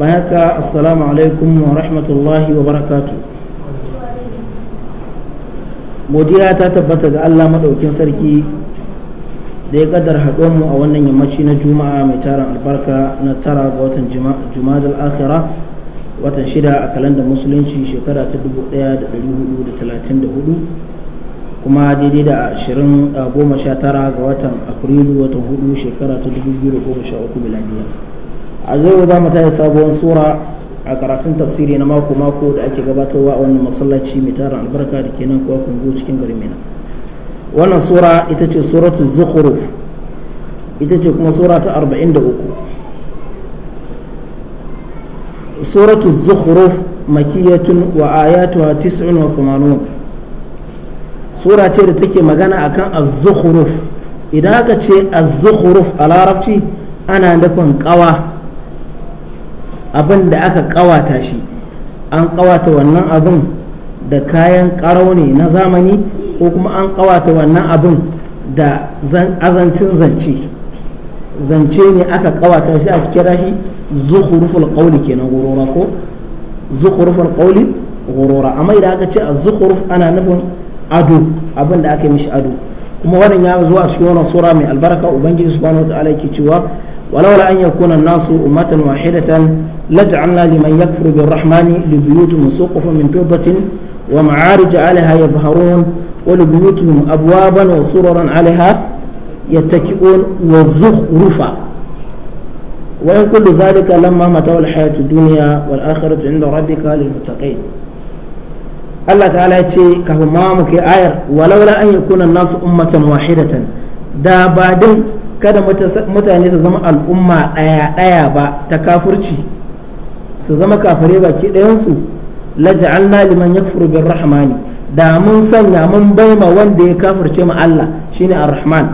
bayan haka assalamu alaikum wa rahmatullahi wa barakatu godiya ta tabbata ga allah maɗaukin sarki da ya kaddar mu a wannan yammaci na juma'a mai tarin albarka na tara ga watan juma'a akhira watan shida a kalandar musulunci shekara ta 1434 kuma daidai da 20 goma sha tara ga watan afrilu watan hudu shekara ta 2013 miladiya a zai za mu ta sabuwar sura a karatun tafsiri na mako-mako da ake gabatarwa a wannan masallaci mai tara albarka da ke nan kuwa kungu cikin garin mina wannan sura ita ce suratu zukhruf ita ce kuma sura ta 43 suratu zukhruf makiyatun wa ayatuha 89 sura ce da take magana akan az-zukhruf idan aka ce az-zukhruf a larabci ana nufin kawa abin da aka kawata shi an kawata wannan abin da kayan karau ne na zamani ko kuma an kawata wannan abin da azancin zance zance ne aka kawata shi a kira shi zukhuruful qawli kenan gurora ko zukhuruful qawli gurora amma idan aka ce zuhuruf ana nufin ado abin da aka yi mishi ado kuma wannan ya zo a cikin wannan sura mai albarka ubangiji subhanahu wataala yake cewa ولولا أن يكون الناس أمة واحدة لجعلنا لمن يكفر بالرحمن لبيوتهم سقف من فضة ومعارج عليها يظهرون ولبيوتهم أبوابا وسررا عليها يتكئون وزخرفا وإن كل ذلك لما متاع الحياة الدنيا والآخرة عند ربك للمتقين الله تعالى يتي كهما مكي آير ولولا أن يكون الناس أمة واحدة دا بعدين kada mutane su zama al'umma ɗaya ɗaya ba ta kafurci su zama kafare baki ɗayansu laja'alna liman yakfuru bir rahmani da mun sanya mun baima wanda ya kafirce mu Allah shine ar-rahman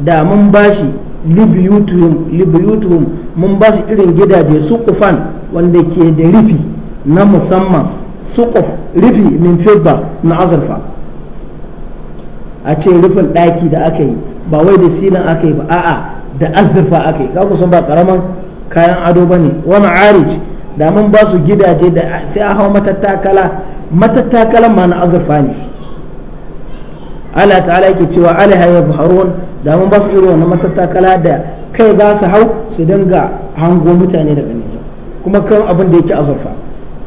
da mun bashi libiyutuhum libiyutuhum mun bashi irin gidaje su kufan wanda ke da rufi na musamman suquf rufi min fidda na azurfa a ce rufin ɗaki da aka yi ba wai da silin aka yi ba a'a da azurfa aka yi kaku kusan ba karaman kayan ado ba ne wani arij da mun ba su gidaje da sai a hau matattakala matattakalan ma na azurfa ne Allah ta'ala yake cewa alaiha ya zuharun da mun ba su irin wannan matattakala da kai za su hau su dinga hango mutane daga nesa kuma kan abin da yake azurfa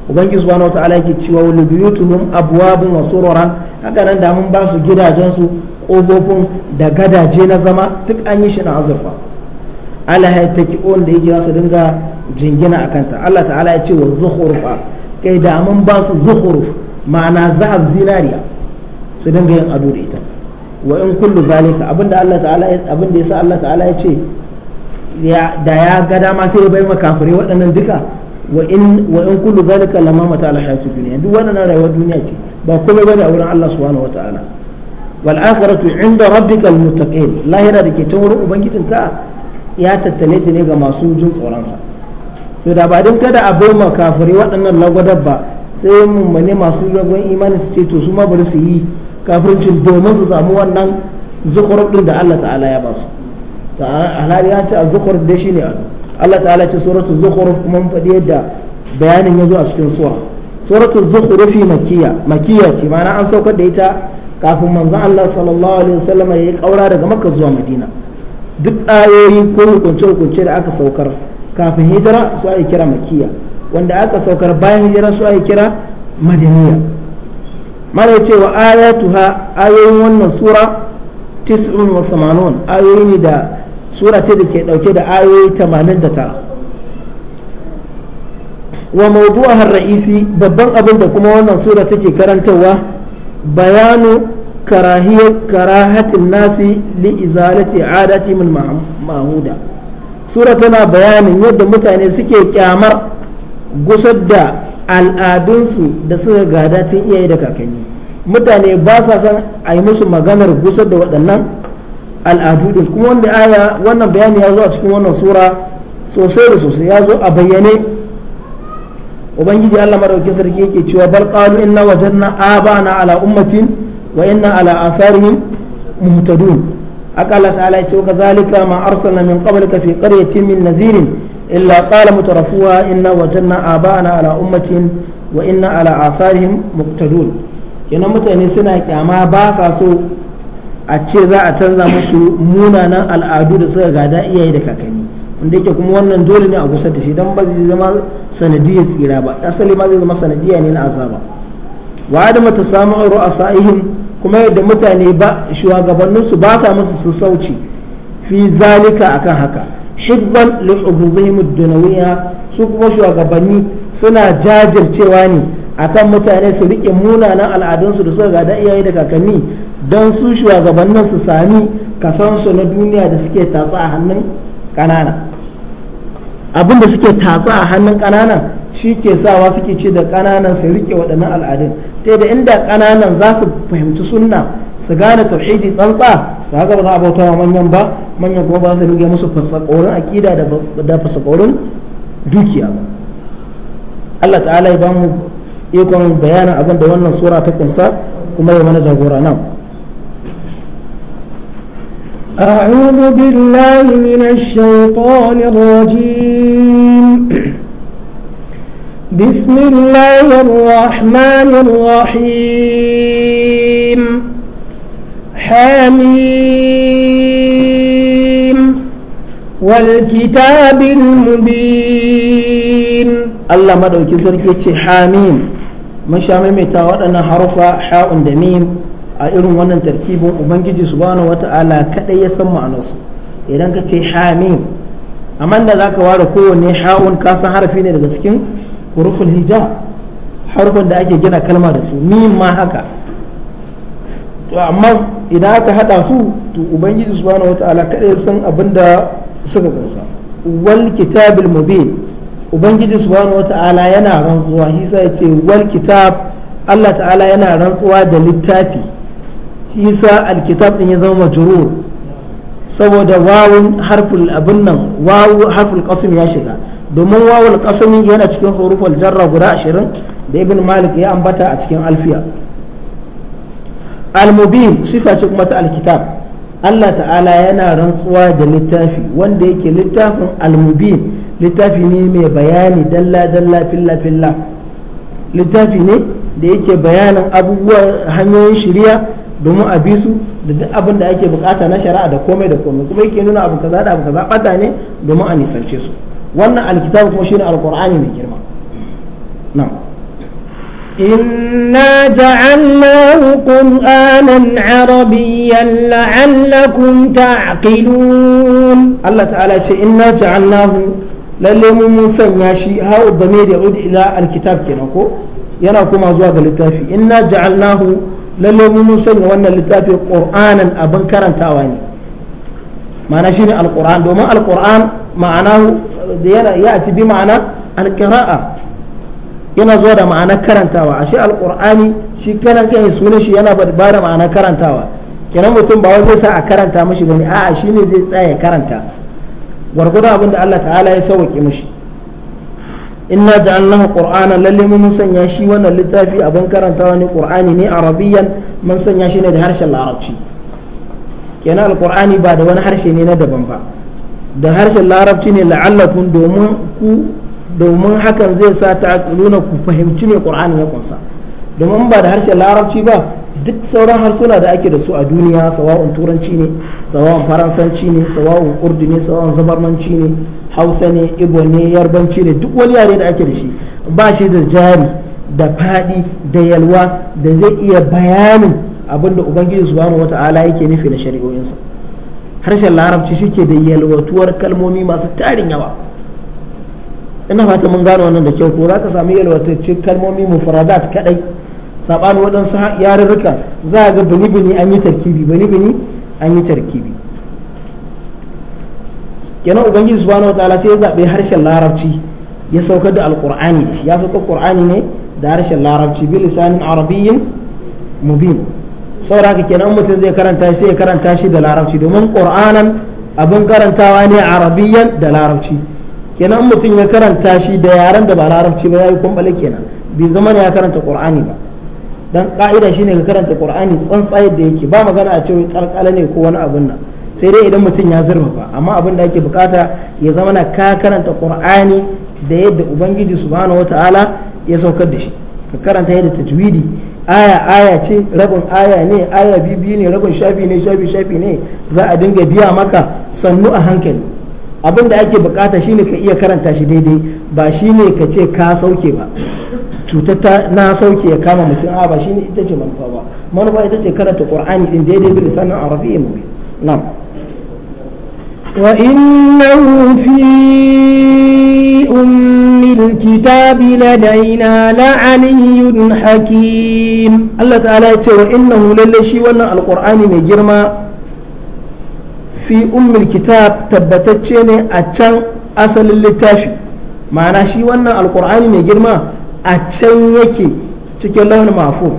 ubangiji subhanahu ta'ala yake cewa wa libiyutuhum abwabun wa sururan haka nan da mun ba su gidajen su ƙofofin da gadaje na zama duk an yi shi na azurfa ala on da yake za su dinga jingina a kanta Allah ta'ala ya ce wa zuhurufa kai da mun ba su zuhuruf ma'ana zahab zinariya su dinga yin ado da ita wa in kullu zalika abinda Allah ta'ala abinda yasa Allah ta'ala ya ce da ya ga dama sai ya bai makafirai waɗannan duka wa in wa in kullu zalika lamma mata al hayatud dunya duk waɗannan rayuwar duniya ce ba komai bane a wurin Allah subhanahu ta'ala. wal akhiratu inda rabbikal muttaqin lahira da ke ta wurin ubangijinka ya tattale ta ne ga masu jin tsoronsa to da ba din kada a bai ma kafirai waɗannan lagwadar ba sai mummune masu ragon imani su ce to su ma bari su yi kafircin domin su samu wannan zukurub ɗin da Allah ta'ala ya basu to alhali ya ce a zukurub shi ne Allah ta'ala ce suratul zukhruf kuma mun faɗi yadda bayanin ya zo a cikin suwa suratul zukhrufi makiyya makiyya ce ma'ana an saukar da ita kafin manzon Allah sallallahu alaihi wasallam ya yi kaura daga makka zuwa madina duk ayoyi ko hukunce-hukunce da aka saukar kafin hijira su ake kira makiya wanda aka saukar bayan hijira su ake kira madaniya mana cewa ha ayoyin wannan sura 89 ayoyi ne da sura ce da ke dauke da ayoyi 89 wa har ra'isi babban abin da kuma wannan sura take karantarwa بيان كراهية كراهة الناس لإزالة عادتهم المعهودة سورة تنا بيان يد متعني سكي كامر قصد al'adunsu da suka gada tun iyaye da kakanni mutane ba sa son a yi musu maganar gusar da waɗannan al'adu din kuma wanda aya wannan bayani ya zo a cikin wannan sura sosai da sosai ya zo a bayyane ubangiji Allah madaukakin sarki yake cewa bal qalu inna wajanna abana ala ummatin wa inna ala atharihim muhtadun akala ta'ala yace kadhalika ma arsalna min qablika fi qaryatin min nadhirin illa qala mutarafuha inna wajanna abana ala ummatin wa inna ala atharihim muqtadun kenan mutane suna kyama ba sa so a ce za a canza musu munanan al'adu da suka gada iyaye da kakanni inda yake kuma wannan dole ne a gusar da shi dan ba zai zama sanadiyar tsira ba asali ma zai zama sanadiya ne na azaba wa auro a ru'asaihim kuma yadda mutane ba shugabannin ba sa musu sauci fi zalika akan haka hibban li huduzihim su kuma shugabanni suna jajircewa ne akan mutane su rike munanan al'adunsu da suka gada iyaye da kakanni don su shugabannin su sami kasansu na duniya da suke tatsa a hannun ƙanana abin da suke tatsa a hannun ƙanana shi ke sawa suke ce da kananan su rike waɗannan al'adun ta da inda ƙananan za su fahimci sunna su gane tauhidi tsantsa ba haka ba za a bauta wa manyan ba manyan kuma ba su rike musu fasakorin aƙida da fasakorin dukiya ba Allah ta'ala ya ba mu ikon bayanin abin da wannan sura ta kunsa kuma ya mana jagora nan أعوذ بالله من الشيطان الرجيم بسم الله الرحمن الرحيم حميم والكتاب المبين الله مدعو كسر كتش حميم مش شامل ميتا أنا حرف حاء دميم a irin wannan tartibin ubangiji subhanahu wata'ala kadai ya san ma'anarsu idan ka ce hamim amma da zaka ware kowanne ha'un ka san harafi ne daga cikin huruful hija harfin da ake gina kalma da su mim ma haka to amma idan aka hada su to ubangiji subhanahu wata'ala kadai ya san abin da suka gansa wal kitabil mubin ubangiji subhanahu wata'ala yana rantsuwa shi sai ya ce wal kitab Allah ta'ala yana rantsuwa da littafi isa alkitab din ya zama majrur saboda wawun harful abin nan wawu harful qasim ya shiga domin wawul qasim yana cikin huruful jarra guda 20 da ibn malik ya ambata a cikin alfiya al-mubin sifa ce kuma ta alkitab Allah ta'ala yana rantsuwa da littafi wanda yake littafin al-mubin littafi ne mai bayani dalla dalla filla filla littafi ne da yake bayanin abubuwan hanyoyin shirya domin a bi su da duk abin da ake bukata na shari'a da komai da komai kuma yake nuna abin kaza da abin kaza bata ne domin a nisance su wannan alkitabu kuma shine alqur'ani mai girma na'am inna ja'alnahu qur'anan arabiyyan la'allakum ta'qilun Allah ta'ala ce inna ja'alnahu lalle mun sanya shi ha'u da mai da ila alkitab kenan ko yana kuma zuwa ga littafi inna ja'alnahu lalle mu mun sanya wannan littafi qur'anan abin karantawa ne ma'ana shine alquran domin alquran ma'ana yana ya bi ma'ana alqira'a yana zuwa da ma'ana karantawa ashe alqur'ani shi kanan kan sunan shi yana ba da ma'ana karantawa kenan mutum ba wai sa a karanta mishi bane a'a shine zai tsaya karanta gwargwadon abin da Allah ta'ala ya sauke mishi inna ja'alnahu qur'ana lalle mun sanya shi wannan littafi abin karantawa ne qur'ani ne arabiyan mun sanya shi ne da harshen larabci kenan alqur'ani ba da wani harshe ne na daban ba da harshen larabci ne la'allakum domin ku domin hakan zai sa ta'qiluna ku fahimci me qur'ani ya kunsa domin ba da harshen larabci ba duk sauran harsuna da ake da su a duniya sawa'un turanci ne sawa'un faransanci ne sawa'un urdu ne sawa'un zabarmanci ne hausa ne ibo ne yarbanci ne duk wani yare da ake da shi ba shi da jari da fadi da yalwa da zai iya bayanin abin da ubangiji wata wata'ala yake nufi na shari'o'insa harshen larabci shike da yalwatuwar kalmomi masu tarin yawa ina fata mun gano wannan da kyau ko zaka samu yalwatacce kalmomi mufradat kadai sabanin waɗansu yarurruka za a ga bini-bini an yi tarkibi bini-bini an yi tarkibi kenan ubangiji subhanahu wataala sai ya zabe harshen larabci ya saukar da alqur'ani da shi ya saukar qur'ani ne da harshen larabci bi lisanin arabiyyin mubin saboda haka kenan mutum zai karanta sai ya karanta shi da larabci domin qur'anan abin karantawa ne arabiyyan da larabci kenan mutum ya karanta shi da yaren da ba larabci ba ya yi kumbale kenan bai zama ya karanta qur'ani ba dan ka'ida shine ka karanta qur'ani tsantsa yadda yake ba magana a ce kalkala ne ko wani abun nan sai dai idan mutum ya zurfafa amma abin da ake bukata ya zama na ka karanta qur'ani da yadda ubangiji subhanahu wataala ya saukar da shi ka karanta yadda tajwidi aya aya ce rabin aya ne aya bibi ne rabin shafi ne shafi shafi ne za a dinga biya maka sannu a hankali abin da ake bukata shine ka iya karanta shi daidai ba shine ka ce ka sauke ba cutar na sauke ya kama mutum a ba shine ita ce manufa ba manufa ita ce karanta qur'ani din daidai bilisanin arabiyyi mu na'am وإنه في أم الكتاب لدينا لعلي حكيم الله تعالى يقول إنه للشي وأن القرآن من جرمى في أم الكتاب تبتتشيني أتشان أصل ma'ana shi wannan alkur'ani mai girma a can yake cikin lauhin mahfuz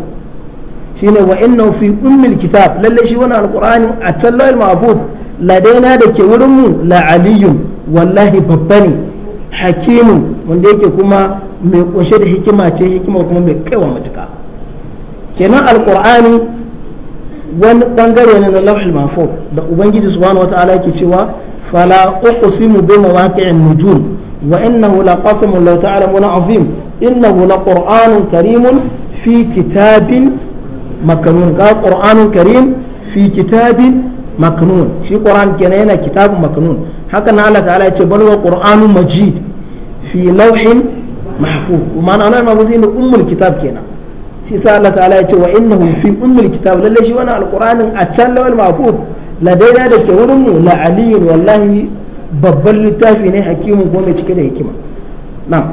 a ladaina da ke wurinmu la aliyun wallahi babba ne hakimun wanda yake kuma mai kunshe da hikima ce hikima kuma mai kaiwa matuka kenan alkur'ani wani bangare ne na lauhul mahfuz da ubangiji subhanahu wataala yake cewa fala uqsimu bi mawaqi'in nujum wa innahu laqasamun law ta'lamuna azim innahu laqur'anun karimun fi kitabin makanun ga qur'anun karim fi kitabin maknun shi qur'an kenan yana kitabun maknun haka na Allah ta'ala ya bal wa majid fi lawhin mahfuz ma'ana Allah mahfuz ne ummul kitab kenan shi sa Allah ta'ala ya wa innahu fi ummul kitab lalle shi wannan alqur'anin a can lawal mahfuz ladaina da ke wurin mu la aliyun wallahi babban littafi ne hakimin ko mai cike da hikima na'am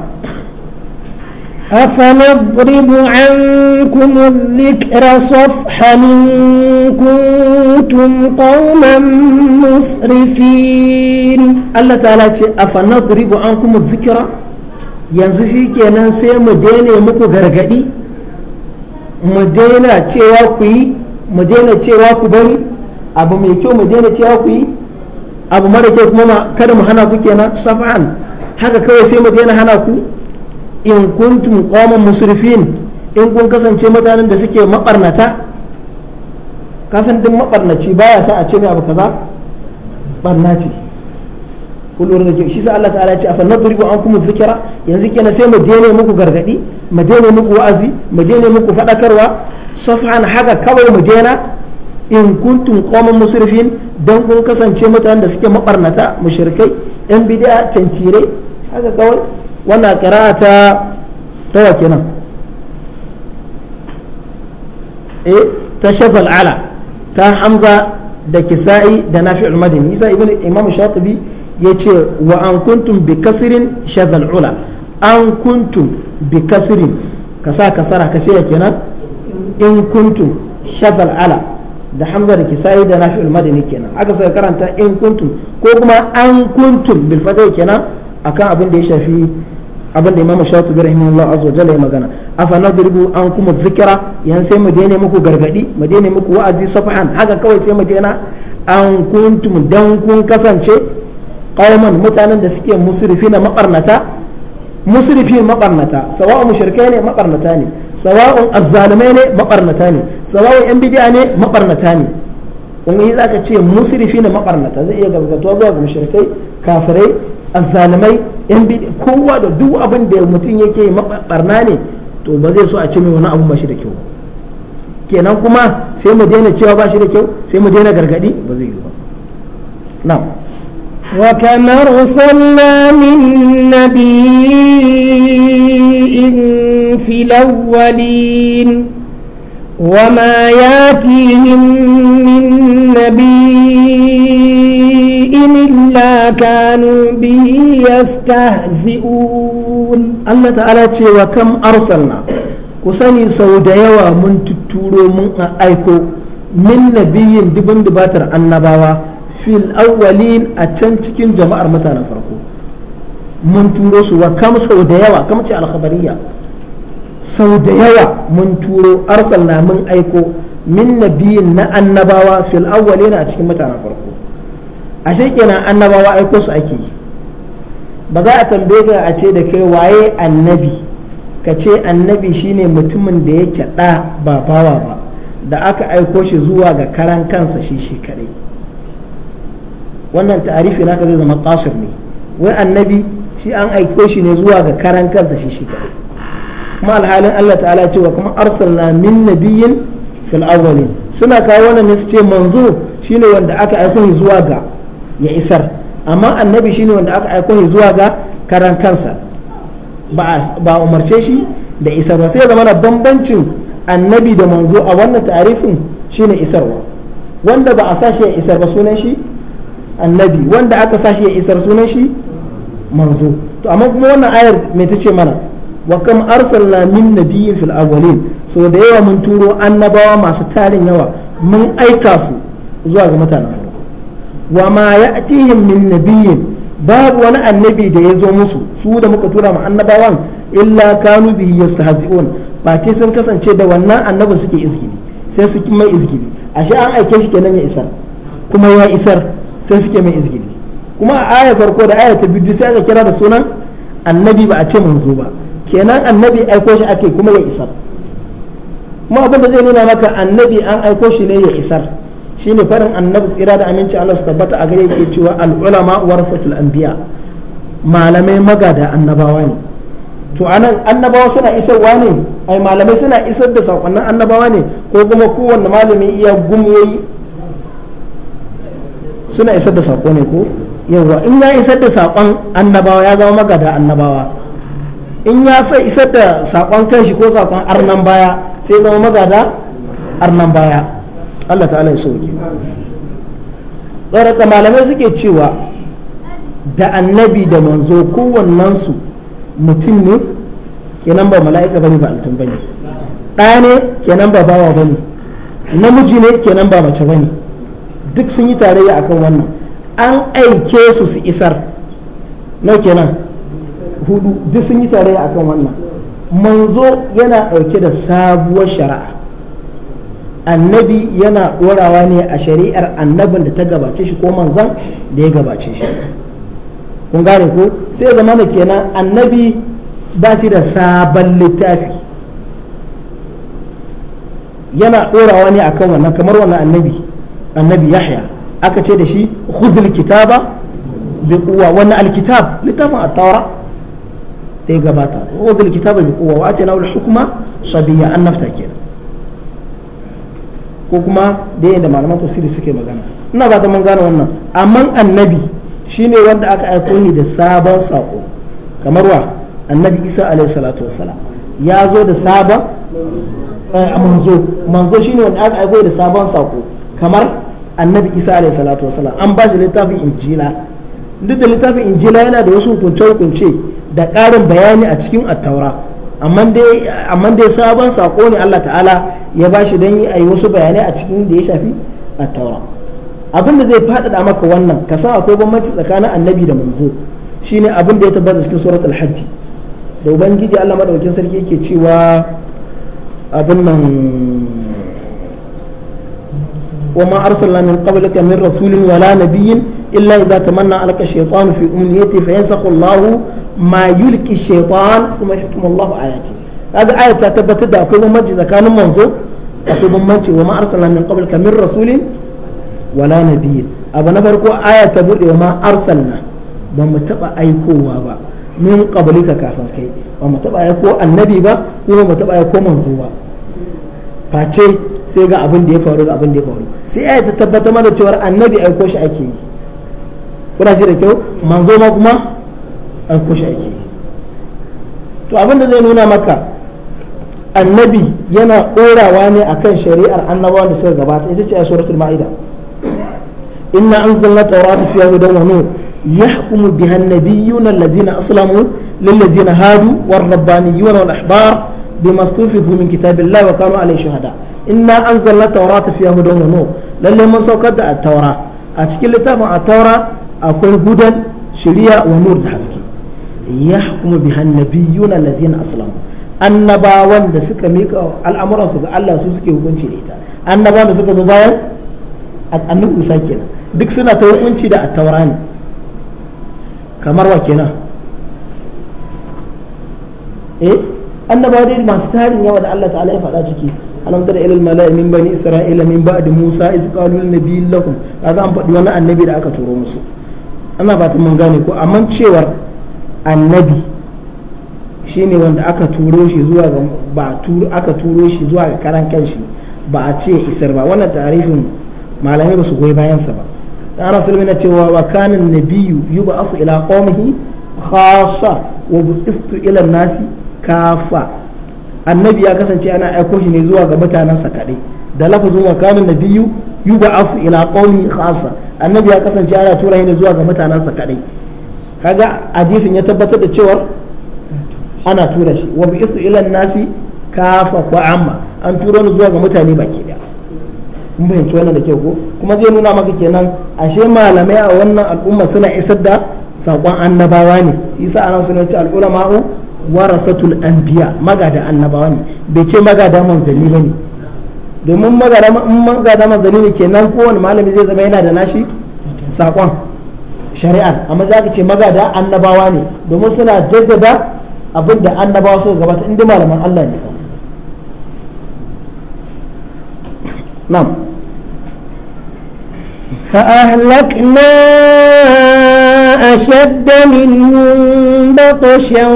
أفنضرب عنكم الذكر صفحا إن كنتم قوما مسرفين الله تعالى أفنضرب عنكم الذكر yanzu shi kenan sai mu daina muku gargadi mu daina cewa ku yi mu daina cewa ku bari abu mai kyau mu daina cewa ku yi abu mara kyau kuma kada mu hana ku kenan sab'an haka kawai sai mu daina hana ku in kuntum qauman musrifin in kun kasance mutanen da suke mabarnata kasan din mabarnaci baya sa a ce mai abu kaza barna ce kullum da ke shi sai Allah ta'ala ya ce afa an kuma zikira yanzu kenan sai mu dene muku gargadi mu dene muku wa'azi mu dene muku fadakarwa safan haka kawai mu dena in kuntum qauman musrifin dan kun kasance mutanen da suke mabarnata mushrikai yan bid'a tantire haka kawai wannan kira'a ta tawa kenan eh, ta shafal ala ta hamza da kisa'i da nafi'ul madani isa ibn imam shatibi ya ce wa an kuntum bi kasirin shafal ula an kuntum bi kasirin ka sa kasara ka ce ya kenan in kuntum shafal ala da hamza da kisa'i da nafi'ul madani kenan aka sai karanta in kuntum ko kuma an kuntum bil kenan akan abin da ya shafi abin da imamu rahimu rahimahullah azza jalla ya magana afa nadribu an kuma zikira yan sai mu daina muku gargadi mu daina muku wa'azi safahan haka kawai sai mu daina an kuntum dan kun kasance qauman mutanen da suke na mabarnata musrifin mabarnata sawa'u mushrikai ne mabarnata ne sawa'u azzalimai ne mabarnata ne sawa'u yan bid'a ne mabarnata ne kun yi zaka ce na mabarnata zai iya gazgatuwa zuwa ga mushrikai kafirai azzalimai yan bidi kowa da duk abin da mutum yake barna ne to ba zai so a ce mai wani abu ba shi da kyau kenan kuma sai mu daina cewa ba shi da kyau sai mu daina gargadi ba zai yi ba na wa kana rusulna min nabiyyin fil awwalin ma yatihim min نبي شيء إلا كانوا به يستهزئون الله تعالى وكم أرسلنا كساني mun a تتورو من أيكو من نبي annabawa fil النبوة a can cikin jama'ar mutanen farko mun turo su wa kam sau da yawa kam ce alkhabariya sau da yawa mun turo arsalna mun aiko min nabiyin na annabawa fil awwalina a cikin mutanen farko ashe kenan annabawa aiko su ake yi ba za a tambaye ka a ce da kai waye annabi ka ce annabi shine mutumin da ya kyaɗa ba bawa ba da aka aiko shi zuwa ga karan kansa shi shi kadai wannan ta'arifi naka zai zama kasir ne wai annabi shi an aiko shi ne zuwa ga karan kansa shi shi kadai kuma alhalin Allah ta'ala cewa kuma arsalna min nabiyyin fil awwalin suna kawo wannan ne su ce manzo shine wanda aka aiko shi zuwa ga ya isar amma annabi shine wanda aka aiko zuwa ga karan kansa ba umarce shi da isarwa sai zama na bambancin annabi da manzo a wannan tarifin shine isarwa wanda ba a sa shi ya isar ba sunan shi annabi wanda aka sa shi ya isar sunan shi manzo to amma kuma wannan ayar me ta ce mana wa kam arsalna min nabiyyin fil awwalin so da yawa mun turo annabawa masu tarin yawa mun aika su zuwa ga mutanen wa ma ya'tihim min nabiyin babu wani annabi da ya zo musu su da muka tura mu annabawan illa kanu bihi yastahzi'un ba te sun kasance da wannan annabin suke izgili sai su mai izgili ashe an aike shi kenan ya isar kuma ya isar sai suke mai izgili kuma a aya farko da aya ta biyu sai aka kira da sunan annabi ba a ce manzo ba kenan annabi aiko shi ake kuma ya isar kuma abin da zai nuna maka annabi an aiko shi ne ya isar shine farin annabi tsira da aminci Allah su tabbata a gare ke cewa al'ulama warasatul anbiya malamai magada annabawa ne to anan annabawa suna isarwa ne ai malamai suna isar da sakonnin annabawa ne ko kuma kowanne malami iya gumoyi suna isar da sako ne ko yawa in ya isar da sakon annabawa ya zama magada annabawa in ya sai isar da sakon kanshi ko sakon arnan baya sai zama magada arnan baya Allah ta'ala ya sauke tsaraka malamai suke cewa da annabi da manzo kowannensu mutum ne kenan ba mala'ika bane ba altun bane ɗa ne kenan ba bawa bane namiji ne kenan ba mace bane duk sun yi tarayya akan wannan an aike su su isar na kenan hudu duk sun yi tarayya akan wannan manzo yana ɗauke da sabuwar shari'a annabi yana ɗorawa ne a shari'ar annabin da ta gabace shi ko manzan da ya gabace shi kun gane ko sai zama da kenan annabi ba shi da sabon littafi yana ɗorawa ne akan wannan kamar wannan annabi annabi yahya aka ce da shi khudhul kitaba bi quwwa wannan alkitab littafin at-taura da ya gabata khudhul kitaba bi quwwa wa atayna al-hukma sabiyya annabta kenan ko kuma da yadda malaman tafsiri suke magana ina ba ta mun gane wannan amma annabi shine wanda aka aiko ni da sabon sako kamar wa annabi isa alaihi salatu wassalam ya zo da sabon eh, manzo manzo shine wanda aka aiko da sabon sako kamar annabi isa alaihi salatu wassalam an ba shi littafin injila duk da littafin injila yana da wasu hukunce hukunce da ƙarin bayani a cikin attaura amma dai sabon sako ne Allah ta'ala ya ba shi don yi a yi wasu bayanai a cikin da ya shafi a taura abinda zai faɗaɗa maka wannan ka san akwai bambanci tsakanin annabi da manzo shine abin da ya tabbata cikin surat alhaji da ubangiji Allah maɗaukin sarki yake cewa abin nan وما أرسلنا من قبلك rasulun wala ولا إلا إذا تمنى ألقى الشيطان في أمنيته فينسخ الله ما يلقي الشيطان ثم يحكم الله آياته هذا آية تعتبت دا أكو بمجي كان منظور أكو بمجي وما أرسلنا من قبلك من رسول ولا نبي أبا نفرقوا آية تبود وما أرسلنا بمتبع أيكوا با من قبلك كافن كي ومتبع أيكوا النبي با ومتبع أيكوا منظور face sai ga abin da ya faru ga abin da ya faru sai ya ta tabbatar mana cewa annabi aiko shi ake yi kuna ji da kyau manzo ma kuma an kushe ake to abin da zai nuna maka annabi yana ɗorawa ne akan shari'ar annabawa da suka gabata ita ce a suratul ma'ida inna anzalna tawrata fiha hudan wa nur yahkumu biha an-nabiyyuna alladhina aslamu lilladhina hadu war-rabbaniyyuna wal-ahbar بما استنفذوا من كتاب الله وكانوا عليه شهداء إنا أنزلنا التوراة فيها هدى ونور للي من سوكد التوراة أتكلم التوراة akwai hudan shiriya wa nur da haske ya kuma bi na ladin aslamu annabawan da suka mika al'amuran su ga Allah su suke hukunci da ita annabawan da suka zo bayan annabi Musa kenan duk suna ta hukunci da at-taura kamar wa kenan eh annabawa dai masu tarin yawa da Allah ta'ala ya faɗa ciki alam tara ilal mala'i min bani isra'ila min ba'di musa iz qalu lin nabiyyin lakum kaga an faɗi wani annabi da aka turo musu ana ba ta mun gane ko amma cewar annabi shi ne wanda aka turo shi zuwa ga ba aka turo shi zuwa ga karan kanshi ba a ce isar ba wannan tarihin malamai ba su goyi bayansa ba dan rasul na cewa wa kana nabiyyu yub'athu ila qaumihi khassa wa bu'ithu ila nasi kafa annabi ya kasance ana aiko shi ne zuwa ga mutanensa kaɗai da lafazin wa kana nabiyyu yub'athu ila qaumihi khassa annabi ya kasance ana tura ne zuwa ga mutanensa kadai kaga hadisin ya tabbatar da cewar ana tura shi wa bi isu ilan nasi kafa ko amma an tura ni zuwa ga mutane baki daya mun wannan da kyau ko kuma zai nuna maka kenan ashe malamai a wannan al'umma suna isar da sakon annabawa ne isa ana suna ce al'ulama'u warasatul anbiya magada annabawa ne bai ce magada manzanni ne. domin magada manzanni ne kenan kowane malami zai zama yana da nashi sakon shari'a amma za ka ce magada annabawa ne domin suna jaddada abin da annabawa suka gabata inda malaman Allah ne nam فأهلكنا أشد منهم بطشا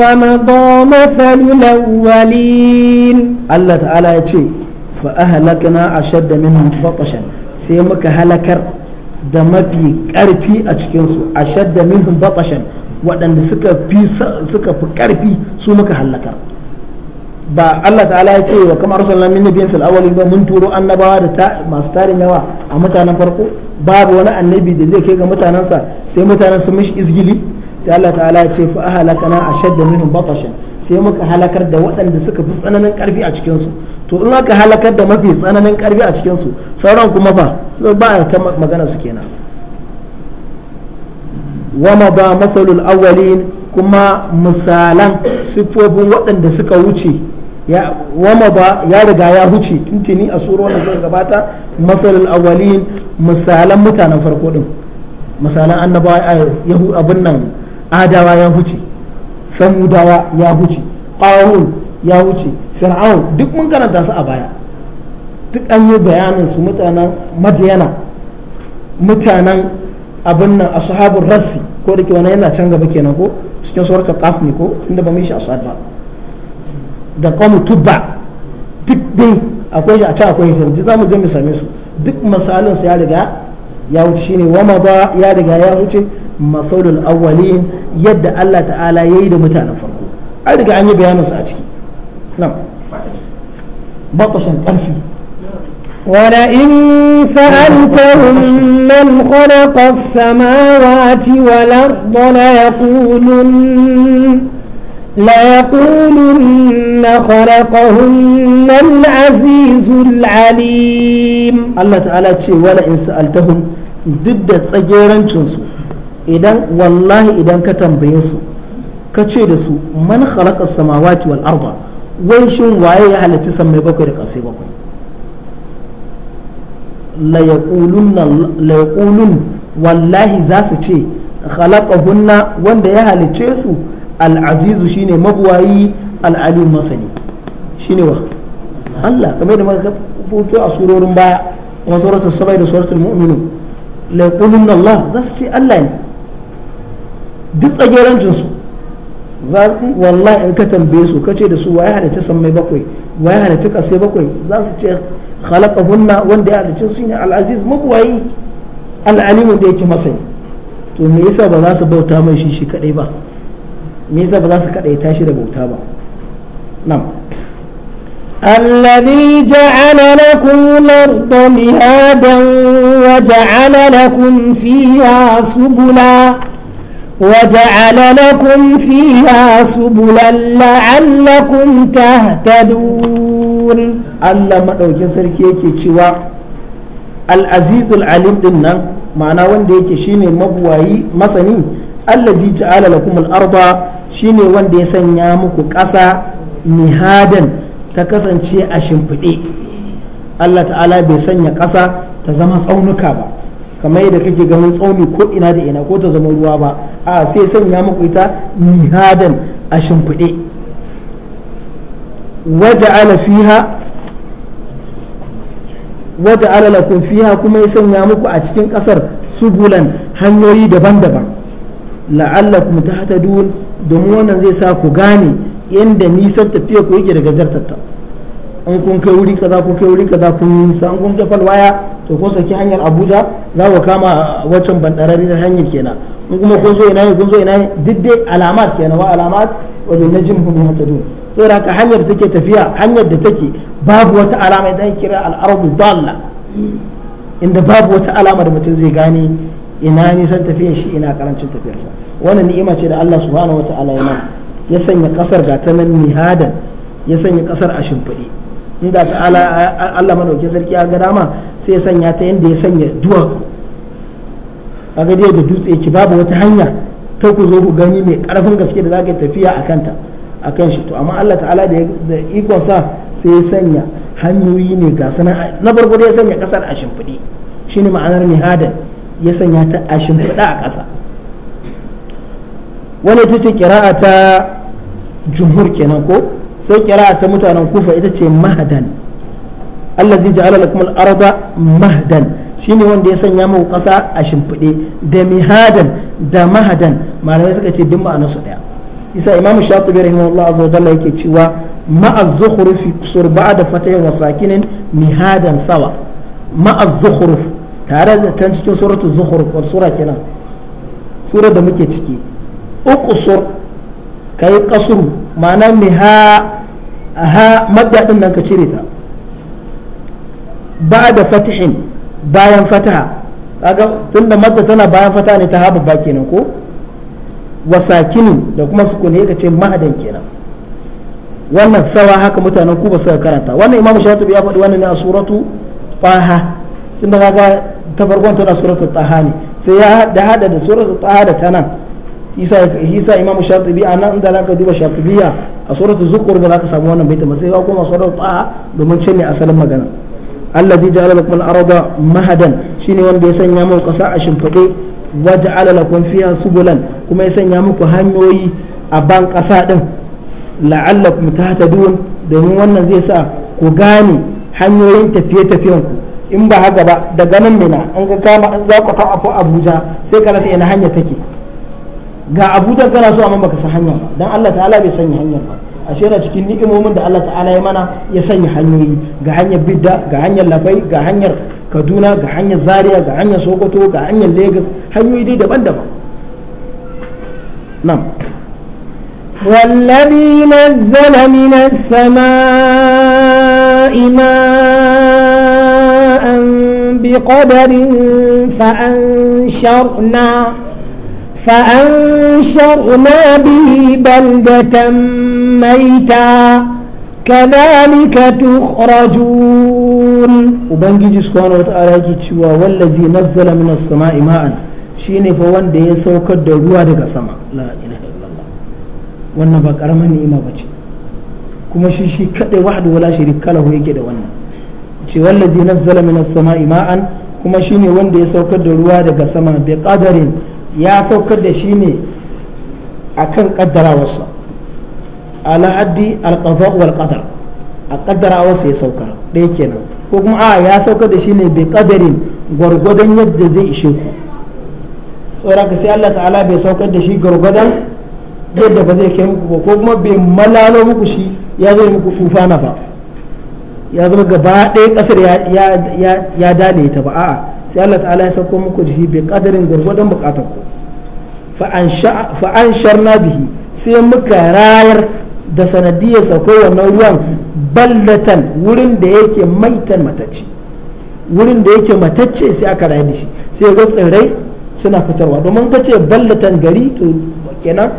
ومضى مثل الأولين الله تعالى يقول fa ahlakna ashadda minhum batashan sai muka halakar da mafi karfi a cikinsu a shadda minhum batashan waɗanda suka fi suka karfi su muka halakar ba Allah ta'ala ya ce wa kama arsalna min nabiyyin fil awwalin ba mun turo annabawa da masu tarin yawa a mutanen farko babu wani annabi da zai kai ga mutanensa sai mutanen sun mishi izgili sai Allah ta'ala ya ce fa ahlakana ashadda minhum batashan sai muka halakar da waɗanda suka fi tsananin ƙarfi a cikinsu to in aka halakar da mafi tsananin ƙarfi a cikinsu sauran kuma ba ba a ta magana su kenan wama ba matsalul awwalin kuma misalan siffofin waɗanda suka wuce wama ya riga ya huce tuntuni a tsoron da zai gabata matsalul awwalin misalan mutanen farko din misalan annabawa abin nan adawa ya huce samudawa ya wuce ƙarun ya wuce fir'aun duk mun karanta su a baya duk an yi bayanin su mutanen madiyana mutanen abin nan ashabun rassi ko da ke wani yana can gaba kenan ko cikin suwarka kaf ne ko inda ba mu yi shi su ba da qamu tubba duk dai akwai shi a can akwai shi za mu je mu same su duk misalin su ya riga ya wuce shine wa madha ya riga ya wuce masalul awwalin yadda Allah ta'ala yayi da mutanen farko an riga an yi bayanin su a ciki nan batashin karfi ولئن سألتهم من خلق السماوات والأرض ليقولن ليقولن خلقهن العزيز العليم الله تعالى تشي ولا إن سألتهم ضد تجيران تشنسو إذن والله إذن كتم بيسو كتشيدسو من خلق السماوات والأرض ويشن وعي أهل تسمى بكر قصي بكر ليقولن ليقولن والله ذا سشي خلقهن وان ده يهل تشيسو al'azizu shine mabuwayi al'alim masani shine wa Allah kamar da maka fito a surorin baya kuma suratul sabai da suratul mu'minun la yaqulunna Allah za su ce Allah ne duk tsagerancin su za wallahi in ka tambaye su kace da su waye halitta mai bakwai waye halitta kasai bakwai za su ce khalaqahunna wanda ya halitta su ne al-aziz mabuwayi al-alim da yake masani to me yasa ba za su bauta mai shi shi kadai ba me yasa ba za su kadaita tashi da bauta ba nan. الذي جعل لكم الأرض مهادا وجعل لكم فيها سبلا وجعل لكم فيها سبلا لعلكم تهتدون الله ما sarki yake cewa al-azizul alim din ma'ana wanda yake shine mabuwayi masani allazi ja'ala lakum al shi ne wanda ya sanya muku ƙasa mihadan ta kasance a shimfiɗe Allah ta'ala bai sanya ƙasa ta zama tsaunuka ba kamar yadda kake ganin tsauni ko ina da ina ko ta zama ruwa ba a sai sanya muku ita mihadan a shimfiɗe wajen ala fiha kuma ya sanya muku a cikin ƙasar subulan hanyoyi daban-daban la'allakum tahtadun domin wannan zai sa ku gane yanda nisan tafiya ku yake daga jartatta in kun kai wuri kaza ku kai wuri kaza kun nisa in kun kai falwaya to kun saki hanyar Abuja za ku kama wancan bandararin hanyar kenan in kuma kun so ina ne kun so ina ne duk dai alamat kenan wa alamat wa bin najmhum yahtadun saboda haka hanyar da take tafiya hanyar da take babu wata alama da kira al-ardu dalla inda babu wata alama da mutum zai gane ina nisan tafiyar shi ina karancin tafiyarsa wannan ni'ima ce da Allah subhanahu wataala ya mana ya sanya kasar ga ta nan nihadan ya sanya kasar a shimfiɗe inda ta'ala Allah madaukin sarki ya ga dama sai ya sanya ta inda ya sanya duwatsu a ga da dutse ki babu wata hanya kai ku zo ku gani mai karfin gaske da zaka tafiya a kanta a kan shi to amma Allah ta'ala da ikon sa sai ya sanya hanyoyi ne ga sana'a na farko ya sanya kasar a shimfiɗe shine ma'anar nihadan ya sanya ta a shimfiɗa a ƙasa wani ita ce ƙira'a ta jumhur kenan ko sai ƙira'a ta mutanen kufa ita ce mahadan Allah zai ja'ala lakum al-arda shi shine wanda ya sanya muku ƙasa a shimfiɗe da mihadan da mahadan malamai suka ce duk ma'anar su ɗaya isa imamu shatibi rahimahullah azza wa jalla yake cewa ma'a zukhrufi surba'a da fatayin wasakinin mihadan sawa ma'az zukhruf tare da can cikin suratul zuhur wal sura kenan sura da muke ciki uqsur kai qasru ma'ana mi ha ha madda nan ka cire ta ba'da fatihin bayan fataha kaga tunda madda tana bayan fataha ne ta haba ba kenan ko wasakinin da kuma sukuni ka ce ma'adan kenan wannan sawa haka mutanen kuba suka karanta wannan imamu shatubi ya faɗi wannan ne a suratu taha tunda kaga ta farkon tana suratul taha ne sai ya da hada da suratul taha da ta nan isa imamu shatibi a nan inda zaka duba shatibiya a suratul zukur ba ka samu wannan baitin ba sai ya koma suratul taha domin cin ne asalin magana alladhi ja'ala lakum al-arda mahadan shine wanda ya sanya muku kasa a shimfide wa ja'ala lakum fiha subulan kuma ya sanya muku hanyoyi a ban kasa din la'allakum tahtadun domin wannan zai sa ku gane hanyoyin tafiye-tafiyen ku in ba haka ba daga nan mina an ga kama an za ta afu abuja sai ka rasa ina hanya take ga abuja kana so amma baka san hanya ba dan Allah ta'ala bai sanya hanyar ba a shera cikin ni'imomin da Allah ta'ala ya mana ya sanya hanyoyi ga hanyar bidda ga hanyar labai ga hanyar kaduna ga hanyar zaria ga hanyar sokoto ga hanyar lagos hanyoyi dai daban-daban nan والذي نزل من السماء ماء بقدر فأنشرنا فأنشرنا به بلدة ميتا كذلك تخرجون وبنجي سبحانه وتعالى جيتشوا والذي نزل من السماء ماء shine fa wanda ya saukar da ruwa daga sama la ilaha illallah wannan ba karamar ni'ima bace kuma shi shi kadai wahdu wala yake da wannan ce wallazi nazzala minas sama'i ma'an kuma shine wanda ya saukar da ruwa daga sama bi qadarin ya saukar da shi ne akan kaddarawarsa ala haddi alqada wal qadar a kaddarawarsa ya saukar ɗaya kenan ko kuma a ya saukar da shi ne bi qadarin gwargwadon yadda zai ishe ku tsoraka sai Allah ta'ala bai saukar da shi gwargwadon yadda ba zai kai muku ba ko kuma bai malalo muku shi ya zai muku tufana ba ya zama gaba ɗaya ƙasar ya dale ta ba a'a sai Allah ta'ala ya sauko muku da shi bai ƙadarin gwargwadon buƙatar ku fa'an na bihi sai muka rayar da sanadiyar sauko wannan ruwan ballatan wurin da yake maitan matacce wurin da yake matacce sai aka rayar da shi sai ga tsirrai suna fitarwa domin ka ce ballatan gari to kenan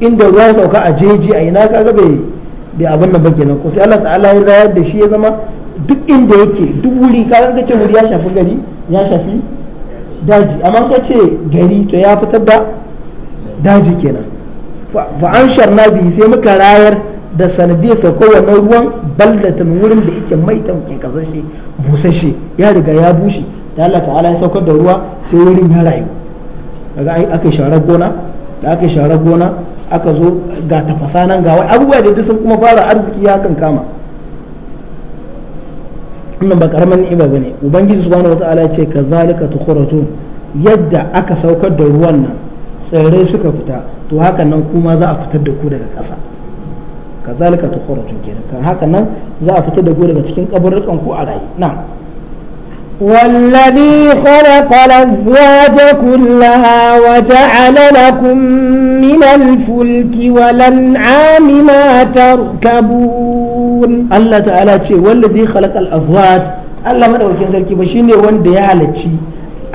inda ruwa sauka a jeji a ina kaga bai da abin da ba nan ko sai Allah ta'ala ya rayar da shi ya zama duk inda yake duk wuri ka ga ce wuri ya shafi gari ya shafi daji amma ka ce gari to ya fitar da daji kenan fa an sharna bi sai muka rayar da sanadiyar sa kowane ruwan baldatan wurin da yake mai tamke kasashe busashe ya riga ya bushe da Allah ta'ala ya saukar da ruwa sai wurin ya rayu daga aka sharar gona da aka sharar gona aka zo ga tafasa nan ga wai abubuwa da sun kuma fara arziki ya kan kama wannan ba karaman ni'ima bane ubangiji subhanahu wataala ya ce kazalika tukhrajun yadda aka saukar da ruwan nan tsirrai suka fita to haka nan kuma za a fitar da ku daga ƙasa kazalika tukhrajun kenan haka nan za a fitar da ku daga cikin kaburrukan ku a rayi na'am والذي خلق الأزواج كلها وجعل لكم من الفلك والأنعام ما تركبون الله تعالى شيء والذي خلق الأزواج الله مدعو كنزل كيف شيني وان ديالتي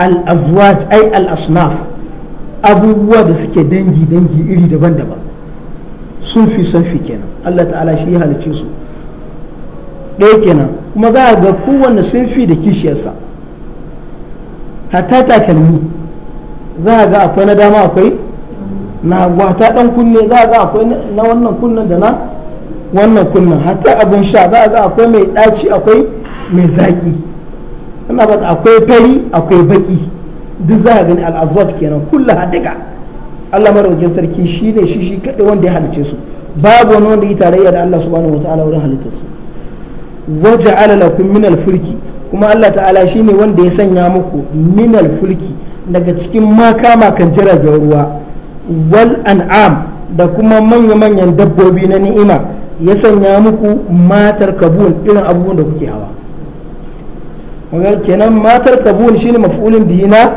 الأزواج أي الأصناف abubuwa da suke dangi dangi iri daban-daban sun fi sun fi kenan Allah ta'ala shi ya halicce su ɗaya kenan kuma za a ga kowanne sun fi da kishiyarsa hatta takalmi za a ga akwai na dama akwai na wata ɗan kunne za a ga akwai na wannan kunnen da na wannan kunnen hatta abin sha za a ga akwai mai ɗaci akwai mai zaƙi Ina ba akwai fari akwai baki duk za a gani al'azwat kenan kulla daga Allah maraukin sarki shi ne shi shi kaɗai wanda ya halice su babu wani wanda yi tarayya da Allah subhanahu wa ta'ala wurin halittarsu waja'ala lakum minal fulki kuma Allah ta'ala shine wanda ya sanya muku minal fulki daga cikin makama kan jiragen ruwa wal an'am da kuma manya-manyan dabbobi na ni'ima ya sanya muku matar kabun irin abubuwan da kuke hawa kenan matar kabun shine maf'ulin bihi na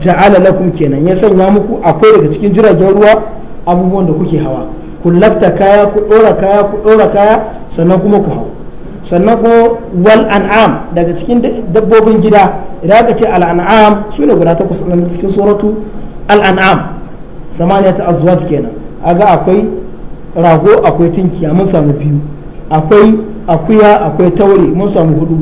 ja'ala lakum kenan ya sanya muku akwai daga cikin jiragen ruwa abubuwan da kuke hawa ku labta kaya ku dora kaya ku dora kaya sannan kuma ku hau sannan ko wal an'am daga cikin dabbobin gida idan aka ce al an'am su ne guda takwas na cikin suratu al an'am samaniya ta azwaj kenan aga akwai rago akwai tinkiya mun samu biyu akwai akuya akwai taure mun samu hudu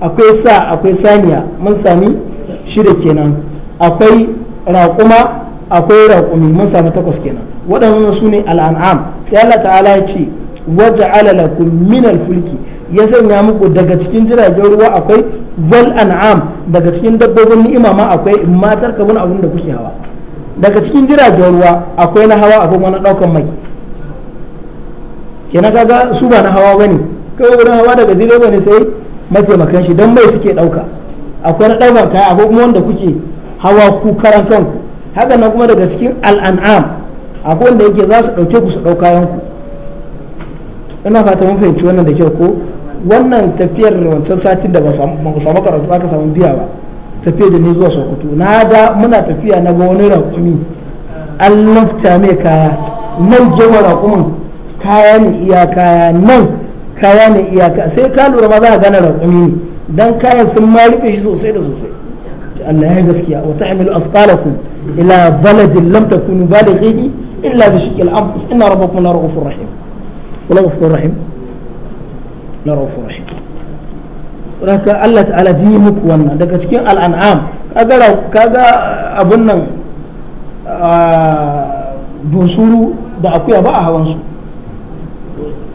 akwai sa akwai saniya mun sami shida kenan akwai raƙuma akwai raƙumi mun samu takwas kenan waɗannan su ne al'an'am sai Allah ta'ala ya ce waja'ala lakum min fulki. ya sanya muku daga cikin jiragen ruwa akwai wal an'am daga cikin dabbobin ni'ima ma akwai matar kabun abin da kuke hawa daga cikin jiragen ruwa akwai na hawa abin wani daukan mai kenan kaga su ba na hawa bane kawai wurin hawa daga dire ne sai mataimakan shi don mai suke dauka akwai na daukan kaya akwai kuma wanda kuke hawa ku karan kanku haka nan kuma daga cikin an'am akwai wanda yake za su dauke ku su dauka yanku ina fata mun fahimci wannan da kyau ko wannan tafiyar wancan satin da ba mu samu karatu aka samu biya ba tafiya da ni zuwa sokoto na da muna tafiya na ga wani raƙumi an lafta mai kaya nan gema raƙumin kaya ne iya kaya nan kaya ne iya kaya sai ka lura ma za ka gane raƙumi ne dan kayan sun ma rufe shi sosai da sosai Allah ya gaskiya wa tahmilu afqalakum ila baladin lam takunu illa bi anfus inna rabbakum la rahim rahim na rafu rahim raka Allah ta'ala ji muku wannan daga cikin al'an'am kaga kaga abun nan bunsuru da akuya ba a hawan su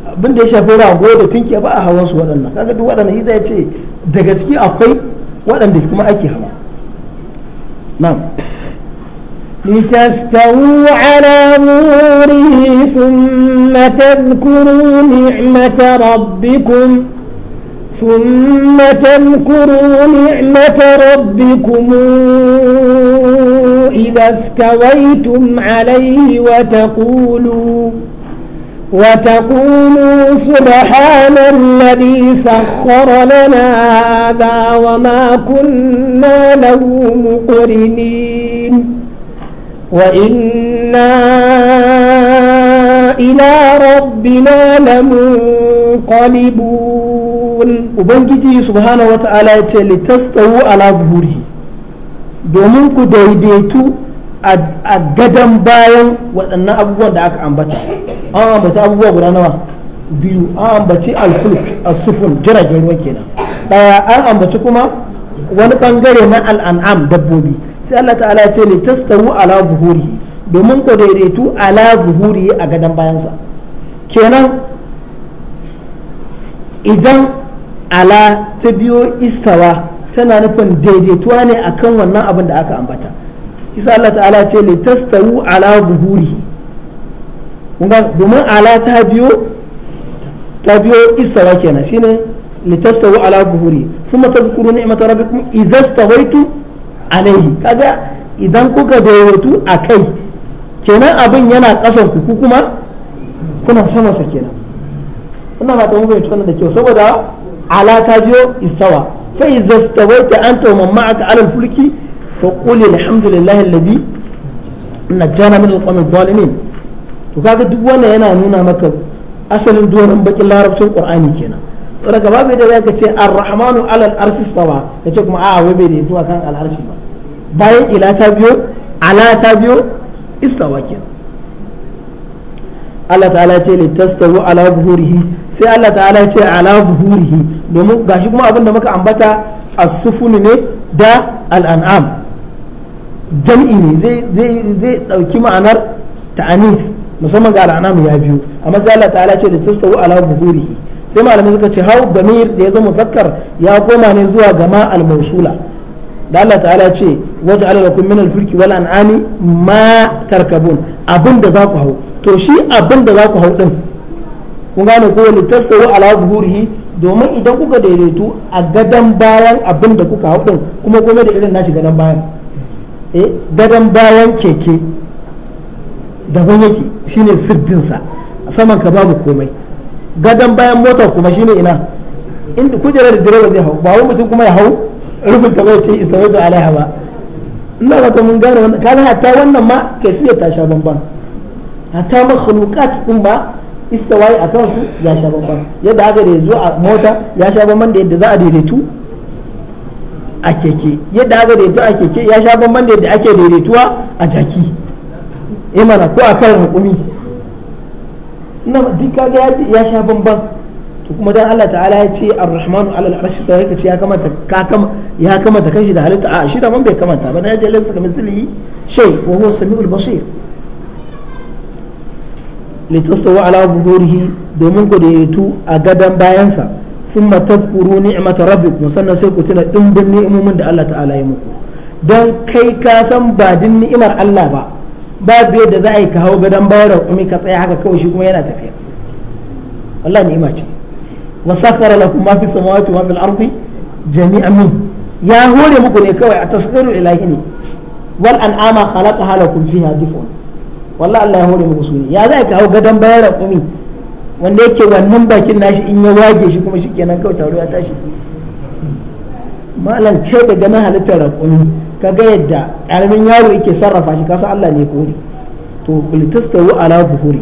abin da ya shafi rago da tunkiya ba a hawan su waɗannan kaga duk waɗannan yi ya ce daga ciki akwai waɗanda kuma ake hawa na'am لتستووا على نوره ثم تذكروا نعمة ربكم ثم تذكروا نعمة ربكم إذا استويتم عليه وتقولوا وتقولوا سبحان الذي سخر لنا هذا وما كنا له مقرنين وإنا إلى ربنا لمنقلبون وبنجي سبحانه وتعالى لتستووا على ظهوره domin ku daidaitu a gadon bayan waɗannan abubuwan da aka ambata an ambaci abubuwa guda nawa biyu an ambaci alfulk asufun jiragen ruwa kenan ɗaya an ambaci kuma wani ɓangare na al'an'am dabbobi sai Allah ta'ala ya ce li tastawu ala zuhuri domin ku daidaitu ala zuhuri a gadon bayansa kenan idan ala ta biyo istawa tana nufin daidaituwa ne akan wannan abin da aka ambata isa Allah ta'ala ce li tastawu ala zuhurihi domin ala ta biyo ta biyo istawa kenan shine li tastawu ala zuhuri ta tadhkuru ni'mata rabbikum idza stawaitu. alaihi kaga idan kuka daidaitu a kai kenan abin yana kasan ku kuma kuna sama sa kenan ina ba ta mu da kyau saboda ala ta biyo istawa fa idza stawaita anta wa man ma'aka ala al-fulki fa qul alhamdulillahi alladhi najjana min al-qawmi to kaga duk wannan yana nuna maka asalin doron bakin larabcin qur'ani kenan daga babu da zaka ce ar-rahmanu alal arshi stawa kace kuma a wai bai daidaito akan al-arshi ba bayan ila ta biyo ala ta biyo istawa ke Allah ta'ala ce tastawu ala zuhurihi sai Allah ta'ala ce ala zuhurihi domin gashi kuma abin da muka ambata as-sufun ne da al-an'am jam'i ne zai zai dauki ma'anar ta'anis musamman ga al-an'am ya biyo amma sai Allah ta'ala ce tastawu ala zuhurihi sai malamai suka ce hau damir da ya zama muzakkar ya koma ne zuwa gama al-mausula da Allah ta'ala ce waje alalakun min alfirki wal an'ami ma tarkabun abin da za hau to shi abin da za hau din kun gane ko li tastawu ala zuhurihi domin idan kuka daidaitu a gadan bayan abin da kuka hau din kuma komai da irin nashi gadan bayan eh gadan bayan keke daban yake shine sirdinsa saman ka babu komai gadon bayan motar kuma shine ina inda kujerar da direba zai hau ba wani mutum kuma ya hau rufin ta bai ce istamaitu alaiha ba ina ba ta mun gane wannan kaga hatta wannan ma fiye ta sha bamban hatta makhluqat din ba istawai a kansu ya sha bamban yadda aka daidu a mota ya sha bamban da yadda za a daidaitu a keke yadda aka daidaitu a keke ya sha bamban da yadda ake daidaituwa a jaki imana eh ko a kan hukumi na duka kaga ya sha bamban to kuma dan Allah ta'ala ya ce ar-rahmanu alal arshi ta ka ce ya kamata ka kama ya kamata kashi da halitta a shi da man bai kamata ba na ya jalasa kamar zili shay wa huwa samiul basir litastawa ala zuhurihi domin ku a gadan bayansa thumma tadhkuru ni'mata rabbikum sannan sai ku tuna dimbin ni'imomin da Allah ta'ala ya muku dan kai ka san ba din ni'imar Allah ba babu yadda za a yi ka hau gadon bayan raƙumi ka tsaya haka kawai shi kuma yana tafiya Allah ni'ima ce wa sakhara lakum ma fi samawati wa fil ardi jami'an min ya hore muku ne kawai a taskaru ilahi ne wal an'ama khalaqaha lakum fiha difun wallahi Allah ya hore muku su ne ya za a ka hau gadon bayan raƙumi wanda yake wannan bakin nashi in ya wage shi kuma shikenan kawai taro ya tashi malam kai daga na halittar raƙumi ka ga yadda ƙaramin yaro yake sarrafa shi kasa Allah ne kori to biltastawu ala zuhuri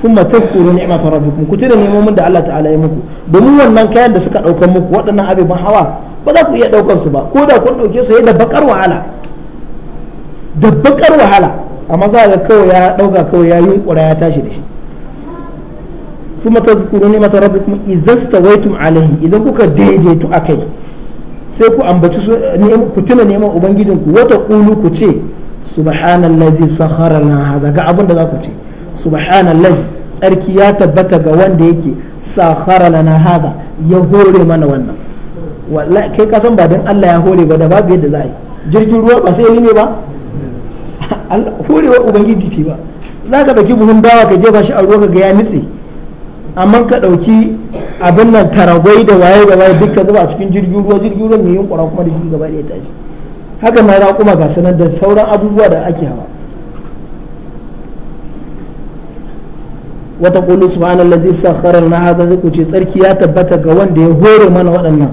thumma tadhkuru ni'mata rabbikum ku tuna nemomin da Allah ta'ala ya muku domin wannan kayan da suka daukan muku waɗannan ababen hawa ba za ku iya daukan su ba ko da kun dauke su yadda bakar wahala da bakar wahala amma za ga kawai ya dauka kawai ya yunkura ya tashi da shi thumma tadhkuru ni'mata rabbikum idza stawaytum alaihi idan kuka daidaitu akai sai ku ambaci eh, ku tuna neman ubangijinku wata kulu ku ce subhanallazi sahara na hada ga abin da za ku ce subhanallazi tsarki ya tabbata ga wanda yake sahara lana hada ya hore mana wannan wallahi kai ka san ba dan Allah ya hore ba da babu yadda za a yi jirgin ruwa ba sai yi ne ba horewa ubangiji ce ba za ka ɗauki buhun dawa ka ba shi a ruwa ka ga ya nitse amma ka ɗauki abin nan taragwai da waye da waye duka zuba a cikin jirgin ruwa jirgin ruwa mai yunkura kuma da shi gaba da ya tashi haka na raƙuma ga sanar da sauran abubuwa da ake hawa wata ƙulu subhanan lazi sakharar na haza zai kuce tsarki ya tabbata ga wanda ya hore mana waɗannan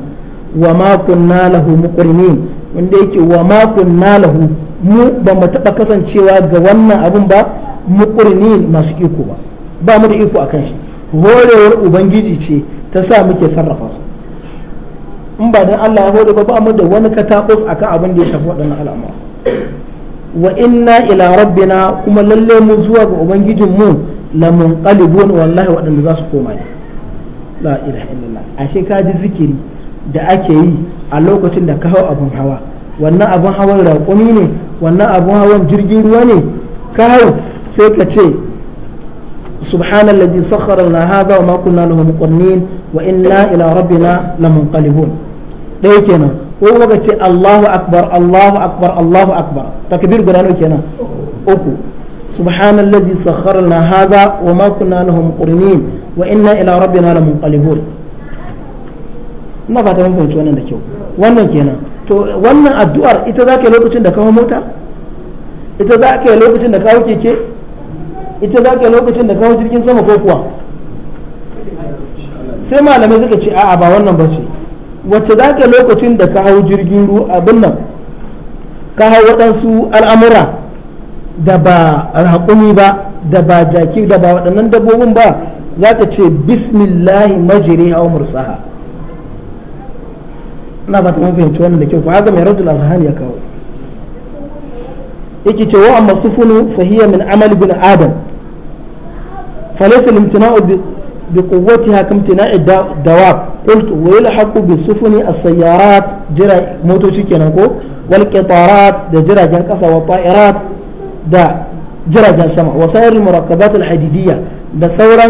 wa ma kunna lahu muqrinin wanda yake wa ma kunna lahu mu ba mu taɓa kasancewa ga wannan abun ba muqrinin masu iko ba ba mu da iko akan shi horewar ubangiji ce ta sa muke sarrafa su in ba dan Allah ya hore ba ba mu da wani a akan abin da ya shafi waɗannan al'amura wa inna ila rabbina kuma lalle mu zuwa ga ubangijin mu la munqalibun wallahi waɗanda za su koma ne la ilaha illallah ashe ka ji zikiri da ake yi a lokacin da ka hau abun hawa wannan abun hawan raƙumi ne wannan abun hawan jirgin ruwa ne ka hau sai ka ce سبحان الذي سخر لنا هذا وما كنا له مقرنين وإنا إلى ربنا لمنقلبون ɗaya kenan ko kuma ce Allahu akbar Allahu akbar Allahu akbar takbir guda nawa kenan uku subhanallazi sakhkhara lana hadha wa ma kunna lahu muqrinin wa inna ila rabbina lamunqalibun ina wannan addu'ar ita lokacin da ka hawo keke ita za ka lokacin da kawo jirgin sama ko kuwa sai malamai suka ce a'a ba wannan ba ce wacce za ka lokacin da ka hau jirgin ruwa abin nan ka hau waɗansu al'amura da ba raƙumi ba da ba jaki da ba waɗannan dabbobin ba za ka ce bismillahi majiri hawa mursaha ina fata mun fahimci wannan da kyau ko haka mai radul azhani ya kawo yake ce wa amma sufunu fahiya min amal bin adam فليس الامتناع بقوتها كامتناع الدواب قلت ويلحق بسفن السيارات جرى موتو كينكو والقطارات ده جرى جنكسة والطائرات ده جرى جنسمة وسائر المركبات الحديدية ده سورا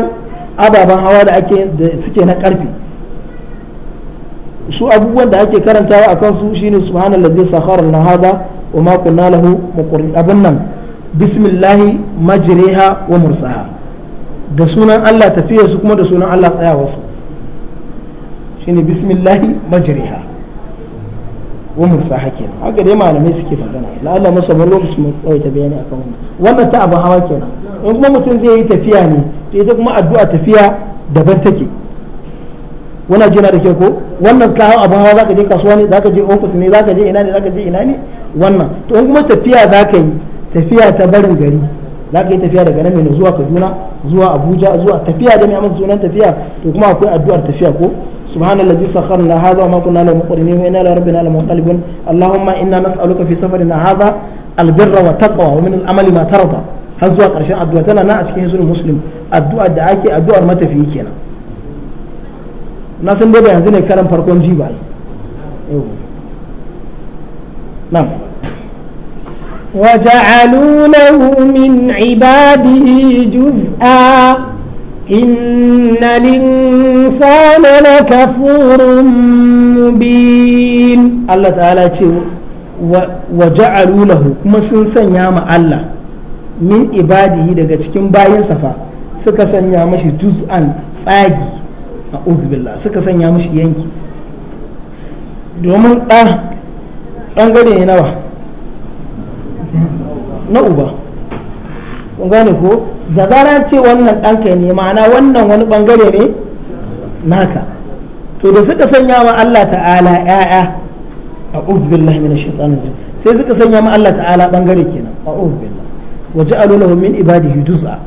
أبابا هوا ده أكي سكينة كارفي su abubuwan da ake karantawa a kansu shine subhanallazi sakhara lana hada wa ma kunna lahu muqrin abun nan bismillahi majriha wa mursaha da sunan Allah tafiyarsu kuma da sunan Allah tsayawarsu ne bismillahi majriha wa hake kenan haka dai malamai suke magana la Allah masa wani lokacin mai tsawai ta bayani akan wannan wannan ta abu hawa kenan in kuma mutum zai yi tafiya ne to ita kuma addu'a tafiya daban take wannan jina da ke ko wannan ka hawa abu hawa zaka je kasuwa ne zaka je ofis ne zaka je ina ne zaka je ina ne wannan to in kuma tafiya zaka yi tafiya ta barin gari za ka yi tafiya daga nan mai zuwa kaduna zuwa abuja zuwa tafiya da mai amsa sunan tafiya to kuma akwai addu'ar tafiya ko subhanallazi sakharna hadha wa ma kunna lahu muqrinin wa inna ila rabbina lamunqalibun allahumma inna nas'aluka fi albirra wa taqwa wa min har zuwa karshen addu'a tana nan a cikin hisul muslim addu'a da ake addu'ar matafiyi kenan na san dai ba yanzu ne karan farkon jiba na'am وجعلوا له من عباده جزءا إن الإنسان لكفور مبين الله تعالى وجعلوا له كما سنسن يا الله min ibadihi daga cikin bayansa fa suka sanya mashi juz'an tsagi a billah suka sanya mashi yanki domin ɗa ɓangare nawa na uba kun gane ko da zarar ce wannan ɗanka ne ma'ana wannan wani ɓangare ne naka to da suka sanya ma Allah ta'ala ya'ya a billahi minash shaitanir rajim sai suka sanya ma Allah ta'ala ɓangare kenan a billah wa ja'alu lahu min ibadihi juz'a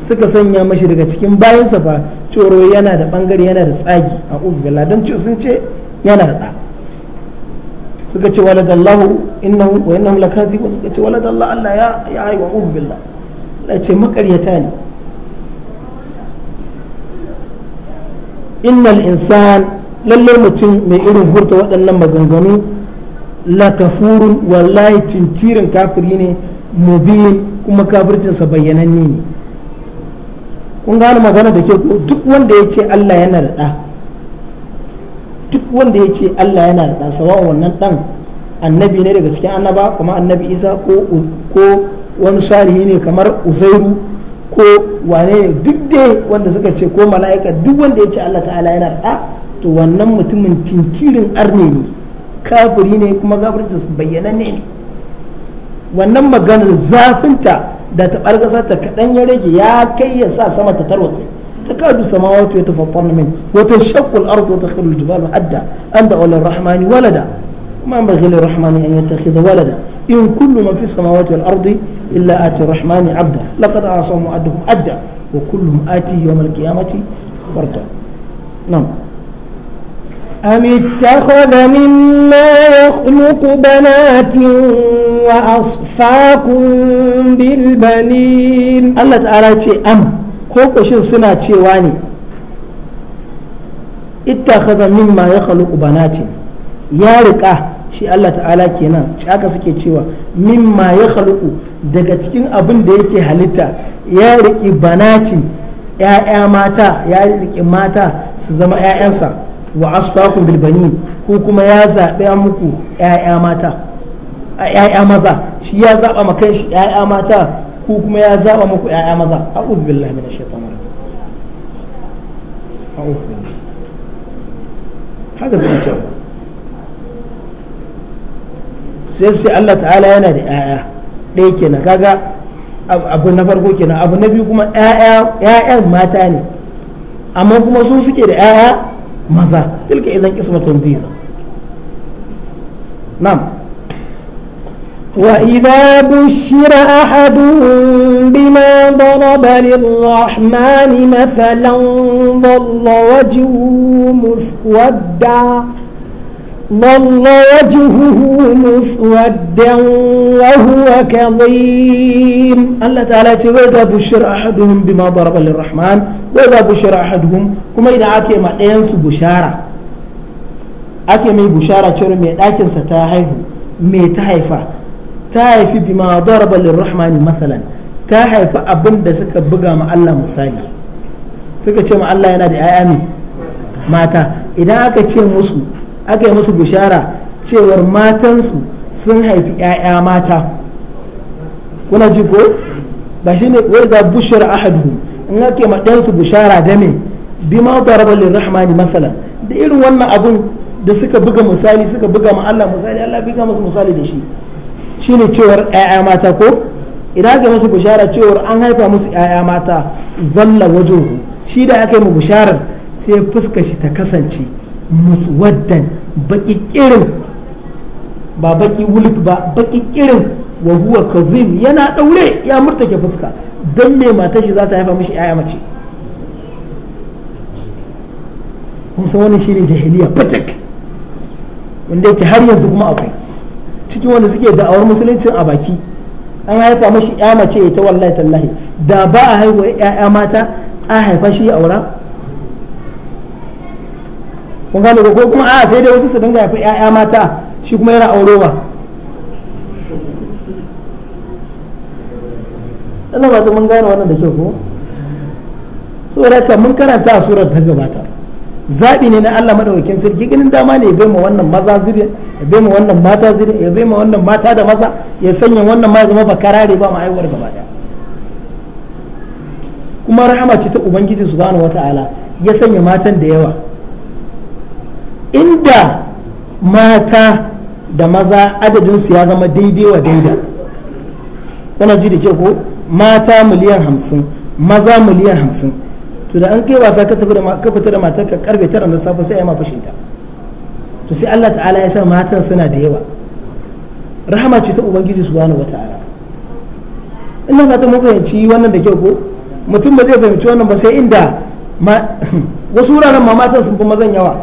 suka sanya mashi daga cikin bayansa fa coro yana da ɓangare yana da tsagi a billahi dan sun ce yana da ɗa suka ce waladallahu innahu wa innahum lakathibun suka ce waladallahu Allah ya ya haiwa uzu billah Allah ce makaryata ne innal insan lalle mutum mai irin hurta waɗannan maganganu la kafurun wallahi tintirin kafiri ne mubin kuma kafircinsa bayyananne ne kun gane magana da ke duk wanda ya ce Allah yana da ɗa duk wanda ya ce Allah yana da ɗan sawa wannan ɗan annabi ne daga cikin annaba kuma annabi isa ko wani salihi ne kamar uzairu ko wane ne duk dai wanda suka ce ko mala'ika duk wanda ya ce Allah ta'ala yana da to wannan mutumin tinkirin arne ne kafiri ne kuma kafirta bayyananne ne wannan maganar zafinta da ta ƙasa ta kaɗan ya rage ya kai ya sa sama ta tarwatsa تكاد السماوات يتفطرن منه وتنشق الأرض وتخر الجبال حدا أن دعوا للرحمن ولدا وما ينبغي للرحمن أن يتخذ ولدا إن كل من في السماوات والأرض إلا آتي الرحمن عبدا لقد أعصوا وعدهم أدى وكلهم آتي يوم القيامة فردا نعم أم اتخذ مما يخلق بنات وأصفاكم بالبنين الله تعالى أم ko ƙoshin suna cewa ne ita mimma min ma ya ya riƙa shi Allah ta'ala kenan haka suke cewa min ma ya hal'u daga cikin abin da yake halitta ya riƙi banatin ‘ya'ya mata ya riƙi mata su zama ‘ya'yansa wa asbaqu bil banin ko kuma ya zaɓe muku ‘ya'ya mata ‘ya'ya maza shi ya zaɓa ma kanshi ‘ya'ya mata ko kuma ya zaba muku yaya maza a'udhu billahi minash shaitanir rajim a'udhu billahi haka zai ce sai sai Allah ta'ala yana da yaya ɗaya kenan kaga abu na farko kenan abu na biyu kuma ƴaƴan mata ne amma kuma su suke da ƴaƴa maza tilka idan kismatun diza na'am وإذا بشر أحد بما ضرب للرحمن مثلا ضل وجهه مسودا ضل وجهه مسودا وهو كظيم الله تعالى وإذا بشر أحدهم بما ضرب للرحمن وإذا بشر أحدهم كما إذا أكي ما ينسو بشارة أكي ما بشارة شرمي أكي ستاهيه مي ta haifi ma daraba lirrahmani masalan ta haifi abin da suka buga ma Allah misali suka ce ma Allah yana da yaya ne mata idan aka ce musu aka yi musu bishara cewar matansu sun haifi yaya mata kuna ji ko ba shi ne wai da bushara ahadu in ake ma ɗansu bishara da me ma daraba lirrahmani masalan da irin wannan abun da suka buga misali suka buga ma Allah misali Allah buga musu misali da shi shine cewar yaya mata ko idan aka musu bishara cewar an haifa musu yaya mata zalla wajuhu shi da aka yi mu bisharar sai fuska shi ta kasance muswaddan baki kirin ba baki wulif ba baki kirin wa huwa kazim yana daure ya murtake fuska dan me matar shi za ta haifa mishi ƴaƴa mace kun san wannan shine jahiliya batik wanda yake har yanzu kuma akwai cikin wanda suke da'awar musuluncin a baki an haifa mashi ya mace ta wallahi tallahi da ba a haihuwa ya'ya mata a haifa shi ya aura kun gane ko kuma a sai dai wasu su dinga haifa ya'ya mata shi kuma yana auro aurowa Allah ba ta mun gane wannan da kyau ko saboda haka mun karanta a surar ta gabata zaɓi ne na Allah maɗaukakin sarki ganin dama ne ya bai ma wannan maza zuri ya bai ma wannan mata zuri ya bai ma wannan mata da maza ya sanya wannan ma ya zama bakarare ba ma'aiwar gaba daya kuma rahama ce ta ubangiji subhanahu wata'ala ya sanya matan da yawa inda mata da maza su ya zama daidai wa daida wannan ji da ke ko mata miliyan hamsin maza miliyan hamsin to da an kai wasa ka tafi da ka fita da matar ka karfe tara na safe sai ai ma fashin ta to sai Allah ta'ala ya sa matan suna da yawa rahama ce ta ubangiji subhanahu wata'ala ina fata mun fahimci wannan da kyau ko mutum ba zai fahimci wannan ba sai inda wasu wuraren ma matan sun fi mazan yawa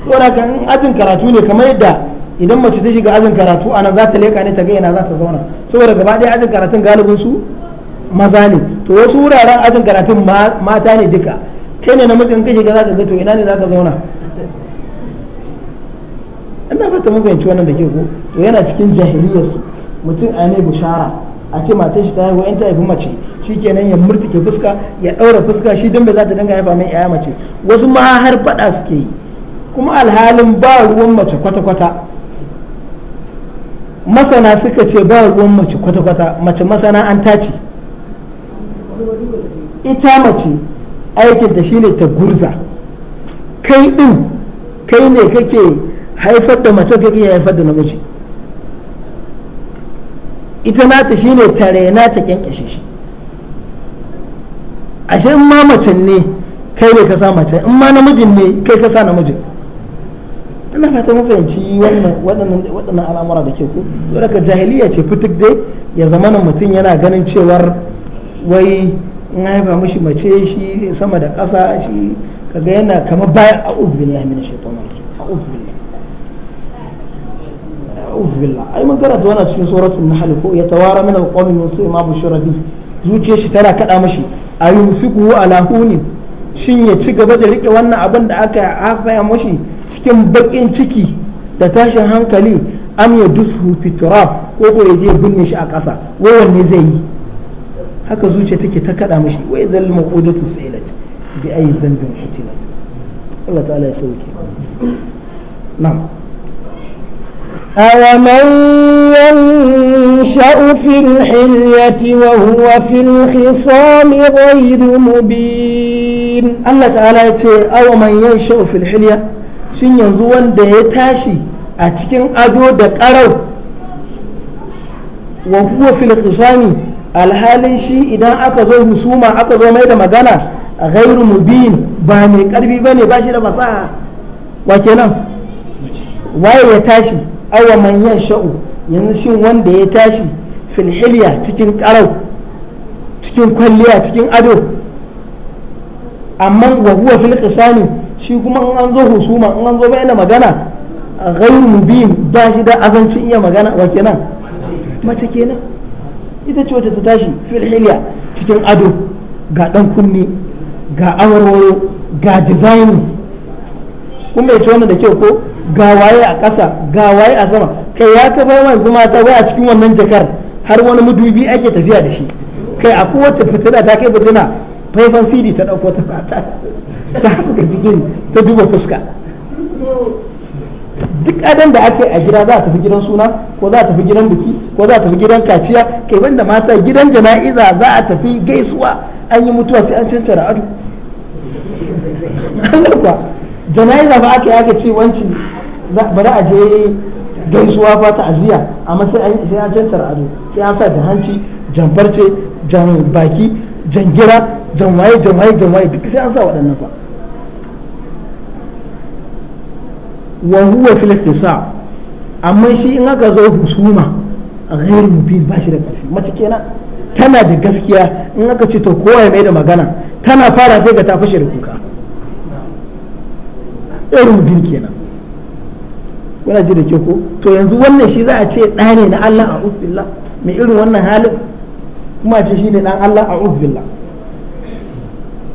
saboda ka in ajin karatu ne kamar yadda idan mace ta shiga ajin karatu ana za ta leka ne ta ga yana za ta zauna saboda gaba ɗaya ajin karatun galibin su maza ne to wasu wuraren ajin karatun mata ne duka kai ne namijin kashi ga zaka ga to ina ne zaka zauna ina fata mun wannan da ke ko to yana cikin jahiliyarsu mutum a ne bushara a ce matar shi ta haihu in ta haifi mace shi nan ya murtuke fuska ya ɗaura fuska shi dan bai za ta dinga haifa mai ya mace wasu ma har faɗa suke yi kuma alhalin ba ruwan mace kwata-kwata masana suka ce ba ruwan mace kwata-kwata mace masana an tace ita mace aikin ta shine ta gurza kai din kai ne kake haifar da mace kake haifar da namiji ita nata shine ta rena ta kyankyashe shi ashe in ma mace ne kai ne ka sa mace in ma namijin ne kai ka sa namijin ina fata mafahimci waɗannan al'amura da ke ku to ka jahiliya ce fitik dai ya zamanin mutum yana ganin cewar wai in haifa mishi mace shi sama da ƙasa shi kaga yana kama bayan a'udhu billahi a shaitanir rajim a billahi a'udhu billahi ai mun karanta wannan cikin suratul nahl ko ya tawara min alqawmi min su'i ma bushira bi zuciyar shi tana kada mishi ayumsiku ala hunin shin ya ci gaba da rike wannan abin da aka haifa mashi cikin baƙin ciki da tashin hankali am ya dusu fitura ko ko ya je binne shi a ƙasa wanne zai yi haka zuciya take ta kada mishi wa idzal maqudatu su'ilat bi ayi dhanbin hutilat Allah ta'ala ya sauke na'am أومن ينشأ في الحلية وهو في الخصام غير مبين الله تعالى يتي أومن ينشأ في الحلية shin yanzu wanda ya tashi a cikin ado da ƙarau wa alhalin shi idan aka zo husuma aka zo mai da magana gairu mubin ba mai karfi bane ba shi da fasaha wa kenan waye ya tashi awa manyan sha'u yanzu shi wanda ya tashi filhiliya cikin karau cikin kwalliya cikin ado amma wa huwa fil shi kuma in an zo husuma in an zo bayyana magana gairu mubin ba shi da azancin iya magana wa kenan mace kenan ita ce wacce ta tashi fil hilya cikin ado ga dan kunne ga awarwaro ga design kuma bai ci wannan da kyau ko ga waye a ƙasa ga waye a sama kai ya ka bai wanzu mata ta a cikin wannan jakar har wani madubi ake tafiya da shi kai a kowace fitina ta kai fitina faifan sidi ta ɗauko ta ta haska jikin ta duba fuska duk adan da ake a gida za a tafi gidan suna ko za a tafi gidan biki ko za a tafi gidan kaciya kai banda mata gidan jana'iza za a tafi gaisuwa an yi mutuwa sai an cancara ado Allah jana'iza ba aka yaga ce wanci bari a je gaisuwa ba aziya amma sai an sai an cancara ado sai an sa da hanci jan farce jan baki jan gira jan waye jan waye jan waye duk sai an sa waɗannan fa wa huwa fil hisab amma shi in aka zo husuma ghairu mubin ba shi da karfi mace kenan tana da gaskiya in aka ce to kowa ya mai da magana tana fara sai ga ta fashe da kuka irin bin kenan kuna ji da ke ko to yanzu wannan shi za a ce ɗa ne na Allah a uzbillah mai irin wannan halin kuma ce shi ne ɗan Allah a uzbillah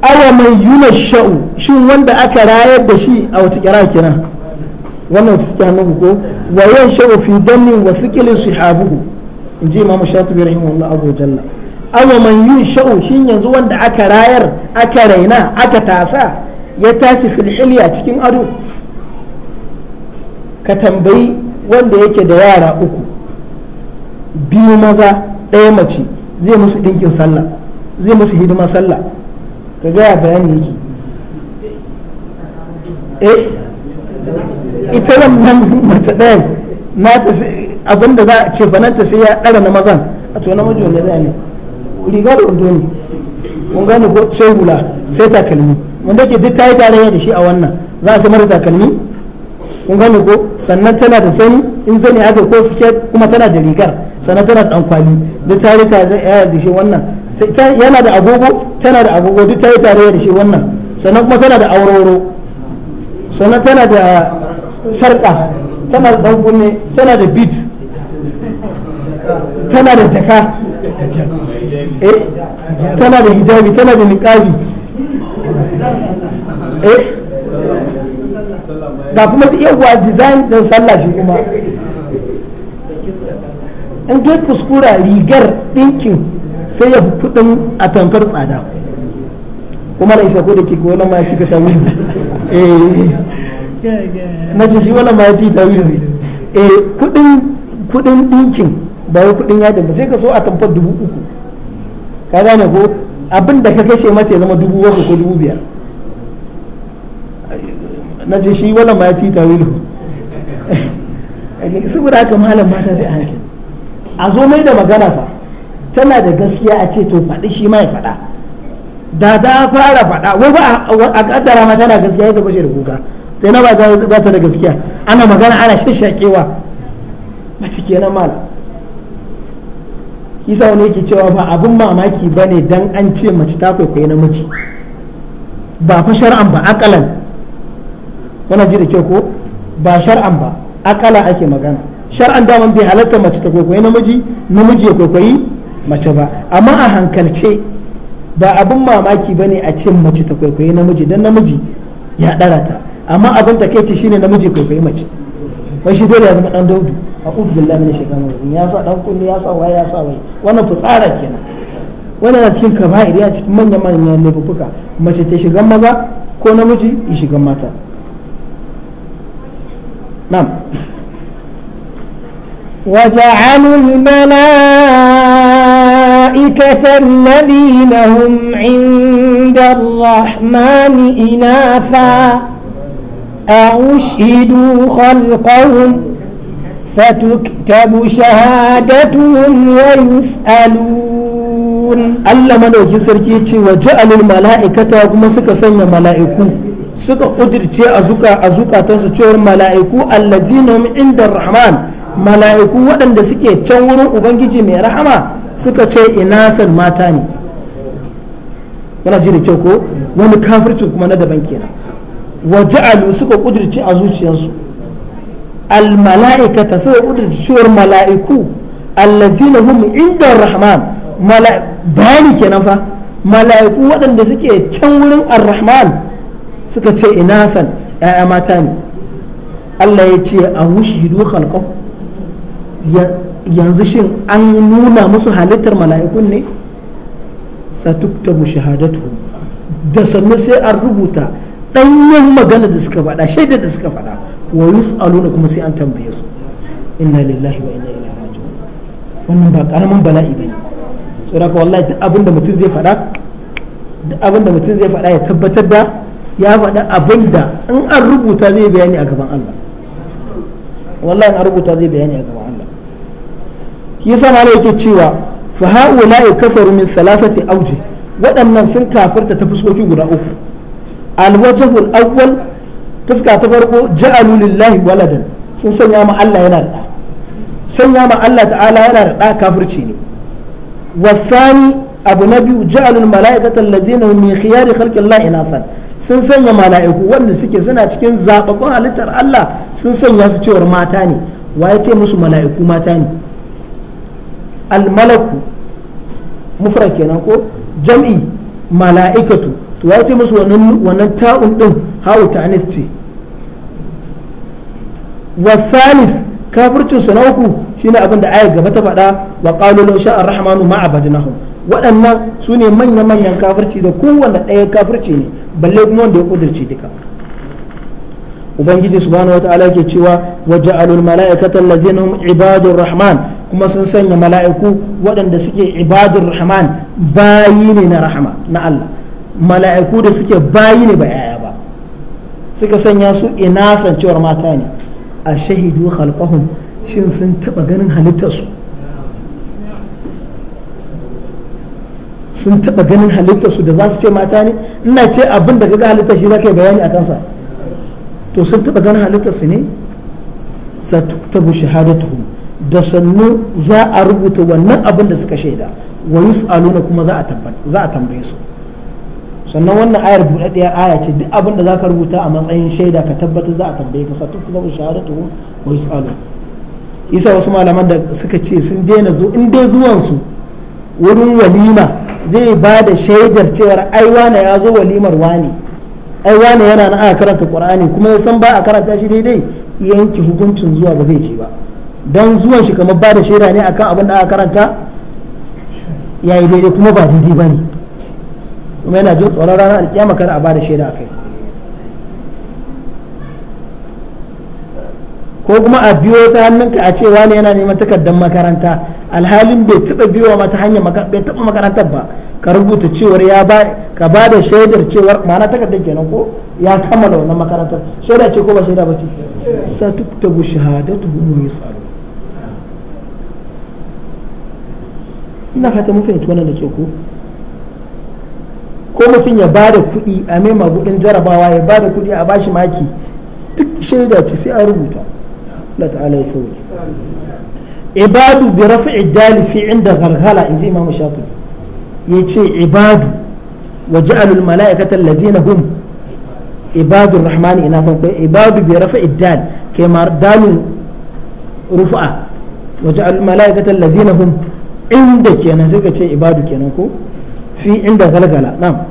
awa mai yuna sha'u shin wanda aka rayar da shi a wata kira kenan wannan wacce take hannun ko wa yan sha'u fi damin wa sikilin sihabuhu in ji imamu shatibi rahimahullah azza wa jalla awa man yi sha'u shin yanzu wanda aka rayar aka raina aka tasa ya tashi a cikin ado ka tambayi wanda yake da yara uku biyu maza ɗaya mace zai musu ɗinkin sallah zai musu hidima sallah ka gaya bayani yake eh? ita wannan mace ɗayan abin abinda za a ce fananta sai ya ɗara na mazan a to na maji wanda ne riga da wando ne mun gane ko sai hula sai takalmi wanda ke duk ta yi tarayya da shi a wannan za a sai mara takalmi kun gane ko sannan tana da sani in zani haka ko suke kuma tana da rigar sannan tana da kwali duk ta yi tarayya da shi wannan yana da agogo tana da agogo duk ta yi tarayya da shi wannan sannan kuma tana da auroro sannan tana da sarka tana da dan kunne tana da bit tana da jaka eh tana da hijabi tana da niqabi eh ga kuma da yawa design din sallah shi kuma in dai kuskura rigar ɗinkin sai ya fi kuɗin a tamfar tsada kuma na isa ko da ke gona ma kika ta wuri eh, eh, eh. na ce shi wala ma ya ci ta wuri eh kudin kudin dinkin ba wai kudin yadin ba sai ka so a tamfar dubu uku ka gane ko abin da ka kashe mata ya zama dubu bakwai ko dubu biyar na ce shi wala ma ya ci ta wuri eh, saboda haka malam mata sai a hankali a zo mai da magana fa tana da gaskiya a ce to faɗi shi ma ya faɗa da ta fara faɗa wai ba a kaddara ma tana gaskiya yadda ta bashe da kuka sai ba ta da gaskiya ana magana ana shashakewa mace kenan mal isa wani yake cewa ba abin mamaki ba ne dan an ce mace ta kwaikwayi namiji ba fa shar'an ba akalan wannan ji da ke ko ba shar'an ba akala ake magana shar'an daman bai halatta mace ta kwaikwayi namiji namiji ya kwaikwayi mace ba amma a hankalce ba abin mamaki ba ne a ce mace ta kwaikwayi namiji dan namiji ya ɗara ta amma abin ta kai shine namiji kwaikwayi mace wai shi dole ya zama dan daudu a ubi billahi min shaitanir rajim ya sa dan kunni ya sa waya ya sa waya wannan fitsara kenan wannan na cikin kaba'ir ya cikin manyan manyan laifuka mace ta shigan maza ko namiji ya shigan mata nam وجعلوا الملائكة الذين هم عند الرحمن إناثا أشهدوا خلقهم ستكتب شهادتهم ويسألون الله من نوكي سركي وجعل الملائكة كما سكا سنة ملائكو سكا قدر تي أزوكا أزوكا تنسى تشور ملائكو الذين هم عند الرحمن ملائكو ودن دسكي تشورون أبنجي من رحمة سكا تي إناث الماتاني yana ji da kyau ko wani kafircin kuma na daban kenan wa ja'alu suka kudirce a zuciyarsu al mala'ikata suka kudirce cewar mala'iku allazina hum inda rahman bayani kenan fa mala'iku waɗanda suke can wurin ar-rahman suka ce ina san ya'ya mata ne Allah ya ce a wushidu khalqahu yanzu shin an nuna musu halittar mala'ikun ne satuktabu shahadatu da sannu sai an rubuta ɗanyen magana da suka faɗa shaida da suka faɗa wa na kuma sai an tambaye su inna lillahi wa inna ilaihi raji'un wannan ba karamin bala'i bane saboda ka wallahi duk abin da mutum zai faɗa duk abin da mutum zai faɗa ya tabbatar da ya faɗa abin da in an rubuta zai bayani a gaban Allah wallahi in an rubuta zai bayani a gaban Allah yasa malai yake cewa fa haula'i kafaru min waɗannan sun kafirta ta fuskoki guda uku al alwajhul awwal fuska ta farko ja'alu lillahi waladan sun sanya ma Allah da sanya Allah ta'ala yana da da kafirci ne wasani abu na biyu ja'alul malaikatan alladhina hum min khiyari khalqillahi inasan sun sanya mala'iku wanda suke suna cikin zababbun halittar Allah sun sanya su cewar mata ne wa ya ce musu mala'iku mata ne al-malaku ko jam'i mala'ikatu to ya ce musu wannan ta'un din hawu ta'anis ce wa thalith kafircin na uku shine abin da ayar gaba ta faɗa wa qalu law sha'a ar-rahmanu ma abadnahum waɗannan su ne manya manyan kafirci da kowanne ɗaya kafirci ne balle kuma wanda ya kudirce duka ubangiji subhanahu wataala yake cewa wa ja'alul mala'ikata allazina hum ibadur rahman kuma sun sanya mala'iku waɗanda suke ibadur rahman bayi ne na rahama na Allah mala'iku da suke bayi ne ba yaya ba suka sanya su inasan cewar mata ne a shahidu khalqahum shin sun taba ganin halittarsu sun taba ganin halittarsu da za su ce mata ne ina ce abin da kaga halittar shi zaka bayani a kansa to sun taba ganin halittarsu ne satuktabu shahadatuhum da sannu za a rubuta wannan abin da suka shaida wa yus'aluna kuma za a tambaye su sannan wannan ayar buɗaɗɗiyar aya ce duk abin da za ka rubuta a matsayin shaida ka tabbatar za a tambaye ka satu kuma shahadatu wa yusalu isa wasu malaman da suka ce sun daina zo in dai zuwan su wurin walima zai ba da shaidar cewa ai wane ya zo walimar wani ai wane yana na aka karanta qur'ani kuma ya san ba a karanta shi daidai yanke hukuncin zuwa ba zai ce ba dan zuwan shi kamar ba da shaida ne akan abin da aka karanta yayi daidai kuma ba daidai bane kuma yana jin tsoron ranar alkiyama kada a ba da shaida kai ko kuma a biyo ta hannunka a ce wani yana neman takardar makaranta alhalin bai taba biyowa mata hanyar bai taba makarantar ba ka rubuta cewar ya ba ka ba da shaidar cewar ma'ana takardar kenan ko ya kammala wannan makarantar shaida ce ko ba shaida ba ce sa tuktabu shahadatuhum wa ina fata mun fahimci wannan da ke ko ko mutum ya ba da kuɗi a mai magudin jarabawa ya ba da kuɗi a bashi maki duk shaida ce sai an rubuta Allah ta'ala ya sauke ibadu bi raf'i fi inda gharghala inji imam ya ce ibadu wa ja'alul mala'ikata alladhina hum ibadur rahman ina fa ibadu bi raf'i dal kai mar dalun rufa wa ja'alul mala'ikata alladhina hum inda kenan sai ka ce ibadu kenan ko fi inda galgala na'am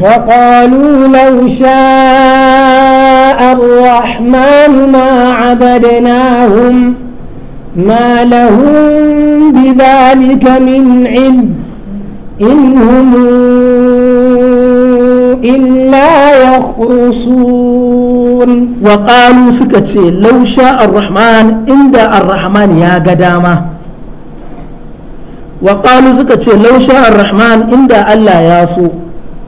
وقالوا لو شاء الرحمن ما عبدناهم ما لهم بذلك من علم إن هم إلا يخرصون وقالوا سكتشي لو شاء الرحمن عند الرحمن يا قدامة وقالوا سكتشي لو شاء الرحمن عند الله يا سوء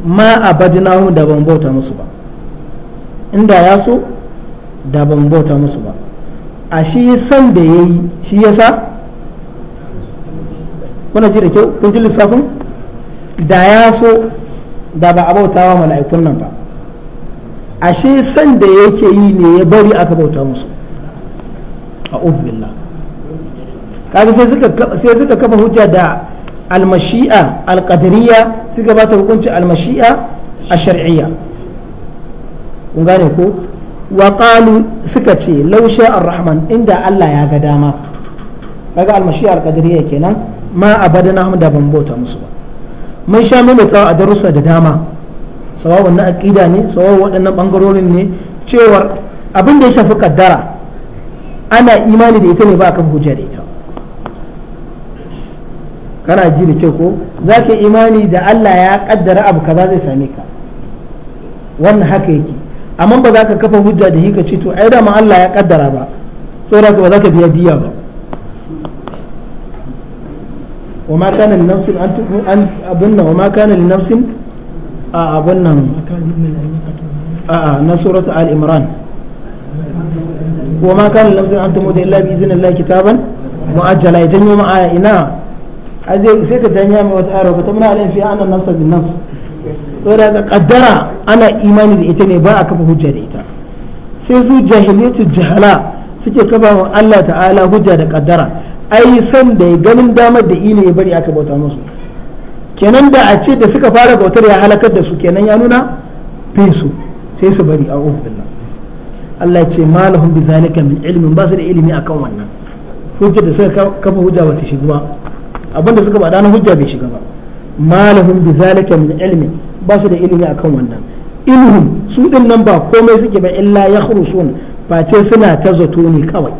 ma a abadnahum da ban bauta musu ba inda ya so da ban bauta musu ba a shi san da ya yi shi ya sa kuna ji da kyau kun ji lissafin da ya so da ba a wa mala'ikun nan ba a shi san da yake yi ne ya bari aka bauta musu a billah kaga sai suka kafa hujja da almashi'a alqadariyya sai ka bata hukuncin almashi'a ash-shar'iyya kun gane ko Wakalu qalu suka ce laushe ar-rahman inda Allah ya ga dama kaga almashi'a ke nan ma abadanahum da ban bauta musu ba mun sha maimaitawa a darussa da dama sawawun na aƙida ne sawawun waɗannan bangarorin ne cewar abin da ya shafi kaddara ana imani da ita ne ba kan hujja ita kana ji da kyau ko za ka imani da Allah ya kaddara abu kaza zai same ka wannan haka yake amma ba za ka kafa hujja da hika ce to ai da ma Allah ya kaddara ba saboda ba za ka biya diya ba wa ma kana nafsin an abun nan wa ma kana nafsin a abun nan a a na al imran wa ma kana nafsin an illa bi kitaban mu'ajjala ma aya ina sai ka janya mai wata ayar ta muna alayhi fi anna nafsa bin nafs saboda ka kaddara ana imani da ita ne ba a kafa hujja da ita sai su jahiliyatu jahala suke kafa wa Allah ta'ala hujja da kaddara ai san da ganin damar da ine ya bari aka bauta musu kenan da a ce da suka fara bautar ya halakar da su kenan ya nuna fi su sai su bari a billah Allah ce malahum bi zalika min ilmin ba su da ilimi akan wannan hujja da suka kafa hujja ba ta ba abinda suka bada na hujja bai shiga ba malahum bi zalika min ilmi ba su da ilimi akan wannan ilhum su din nan ba komai suke ba illa yakhrusun face suna ta zato ne kawai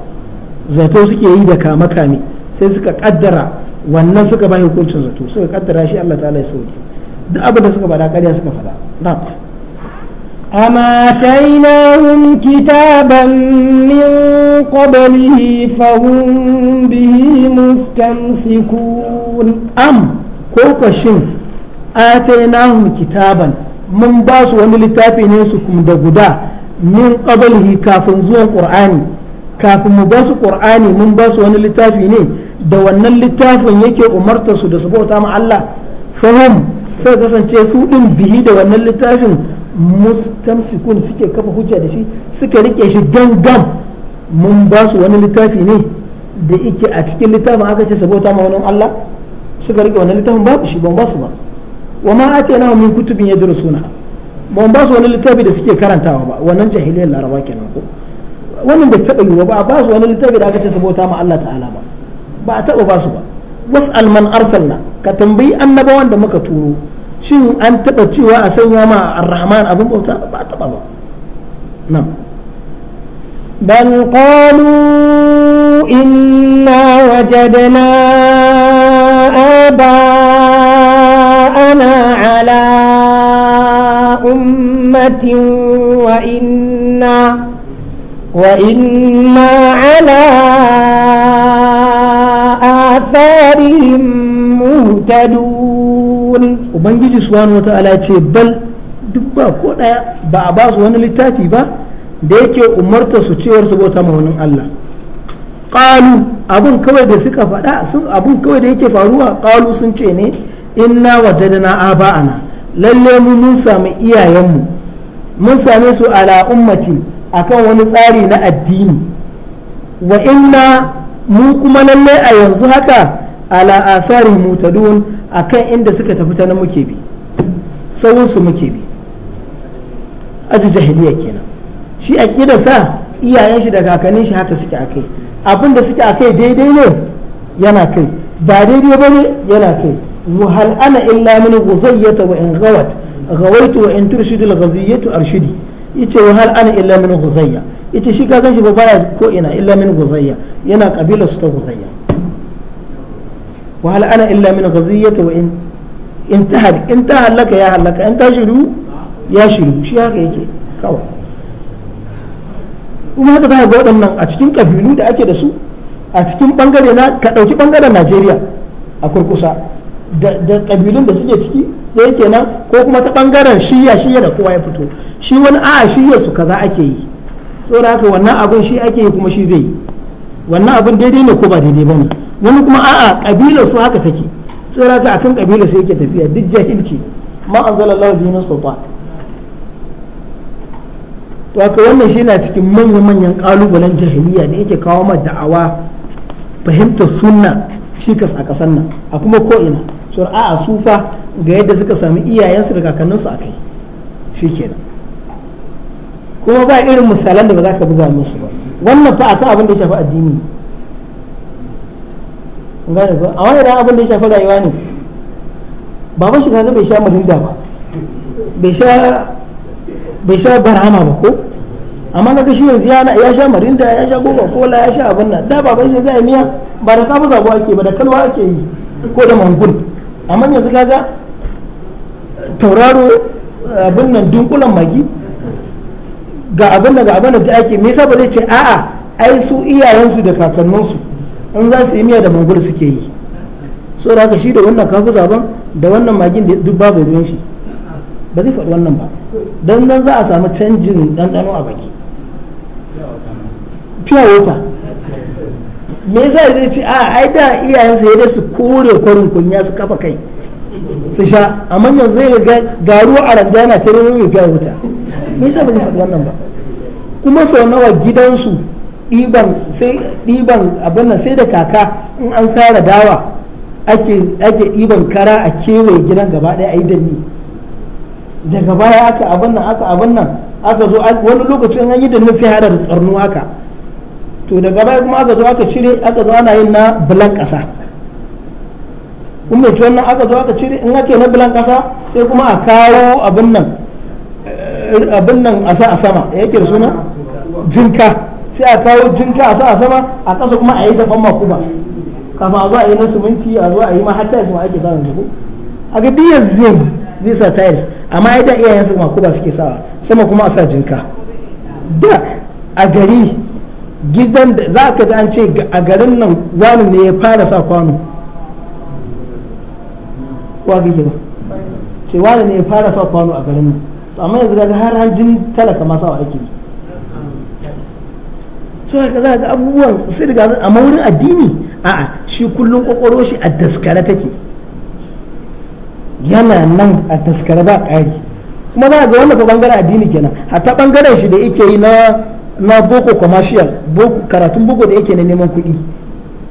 zato suke yi da kama kame sai suka kaddara wannan suka bai hukuncin zato suka kaddara shi Allah ta'ala ya sauke duk abinda suka faɗa ƙarya suka faɗa na'am أما آتيناهم كتابا من قبله فهم به مستمسكون أم كوكا شن آتيناهم كتابا من باس وان نيسكم دقدا من قبله كافن زوان قرآني kafin mu basu qur'ani mun basu wani littafi ne da wannan littafin yake umarta su da su bauta ma Allah fahim sai kasance su ɗin bihi da wannan littafin mustamsikun suke kafa hujja da shi suka rike shi gangan mun ba su wani littafi ne da yake a cikin littafin aka ce sabota ma wani Allah suka rike wani littafin babu shi ban ba su ba wa ma atayna min kutubin yadrusuna ban ba su wani littafi da suke karantawa ba wannan jahiliyar laraba kenan ko wannan bai taɓa yi ba ba su wani littafi da aka ce sabota ma Allah ta'ala ba ba a taɓa ba su ba was'al man arsalna ka tambayi annabawan da muka turo شن أن تبتشوا أسنيا ما الرحمن أبو موتى بعد بابا نعم بل قالوا إنا وجدنا آباءنا على أمة وإنا وإنا على آثارهم muhtadun ubangiji subhanahu wata'ala ce bal duk ba ko daya ba a ba su wani littafi ba da yake umarta su cewar su bauta ma wani Allah qalu abun kawai da suka faɗa sun abun kawai da yake faruwa qalu sun ce ne inna wajadna aba'ana lalle mu mun sami mu mun same su ala ummati akan wani tsari na addini wa inna mu kuma lalle a yanzu haka ala asarin mutadun akan inda suka tafi ta na muke bi tsawonsu muke bi aji jahiliya kenan shi aqida sa iyayen shi da kakannin shi haka suke akai abin da suke akai daidai ne yana kai ba daidai bane yana kai وهل أنا إلا من غزية وإن غوت غويت وإن ترشد الغزية arshidi yace wahal ana illa min ghuzayya yace shi ka shi ba baya ko ina illa min ghuzayya yana kabila su ta ghuzayya wa hal ana illa min ghaziyata wa in intahad in ta halaka ya halaka in ta shiru ya shiru shi haka yake kawai kuma haka za ga waɗannan a cikin kabilu da ake da su a cikin bangare na ka ɗauki bangaren najeriya a kurkusa da kabilun da suke ciki da yake nan ko kuma ta bangaren shiya shiya da kowa ya fito shi wani a'a shiya su kaza ake yi saboda haka wannan abun shi ake yi kuma shi zai yi wannan abun daidai ne ko ba daidai ba ne wani kuma a'a kabilar su haka take sai raka akan kabilar su yake tafiya duk jahilci ma anzalallahu biyu na sultan to haka wannan shi na cikin manyan manyan kalubalen jahiliya da yake kawo ma da'awa fahimtar sunna cikas a kasan nan a kuma ko'ina so a'a sufa ga yadda suka sami iyayensu da kakanninsu a kai shi kenan kuma ba irin misalan da ba za ka buga musu ba wannan fa akan abin da ya shafi addini gane ko a wani dan abin da ya shafi rayuwa ne baban shi kaga bai sha mirinda ba bai sha bai sha barhama ba ko amma kaga shi yanzu ya sha mirinda ya sha coca cola ya sha abin nan da baban shi zai miya ba da kafa zabo ake ba da kalwa ake yi ko da mangur amma yanzu kaga tauraro abin nan dunkulan magi ga abin da ga abin da ake me yasa ba zai ce a'a ai su iyayensu da kakanninsu in za su yi miya da mangoro suke yi so da haka shi da wannan kafu zaben da wannan magin da duk babu ruwan shi ba zai faɗi wannan ba don nan za a samu canjin ɗanɗano a baki fiya wuta me yasa zai ce a ai da iyayensa ya su kore kwarin kunya su kafa kai su sha amma yanzu zai ga garu a randa na ta mai fiya wuta me yasa ba zai faɗi wannan ba kuma sau nawa gidansu ɗiban sai ɗiban abin nan sai da kaka in an sara dawa ake ake ɗiban kara a kewaye gidan gaba ɗaya a yi dalli daga baya aka abin nan aka abin nan aka zo wani lokacin an yi dalli sai hada da tsarnu aka to daga baya kuma aka zo aka cire aka zo ana yin na bulan ƙasa kuma mai wannan aka zo aka cire in ake na bulan ƙasa sai kuma a kawo abin nan eh, abin nan a sa a sama yake suna jinka sai a kawo jinka a sa a sama a ƙasa kuma a yi daban makuba kama a zo a yi na siminti a zo a yi ma har tiles ma ake sa yanzu ko a ga duk yanzu zai zai sa tiles amma ai da iyayen su makuba suke sawa sama kuma a sa jinka da a gari gidan da za ka ji an ce a garin nan wani ne ya fara sa kwano wa kake ba ce wani ne ya fara sa kwano a garin nan to amma yanzu ga har hanjin talaka ma sawa ake yi so ka za ga abubuwan su riga a maurin addini a'a shi kullum kwakwaro shi a daskare take yana nan a daskare ba ƙari kuma za ga wannan fa bangaren addini kenan hatta bangaren shi da yake yi na na boko commercial karatun boko da yake na neman kuɗi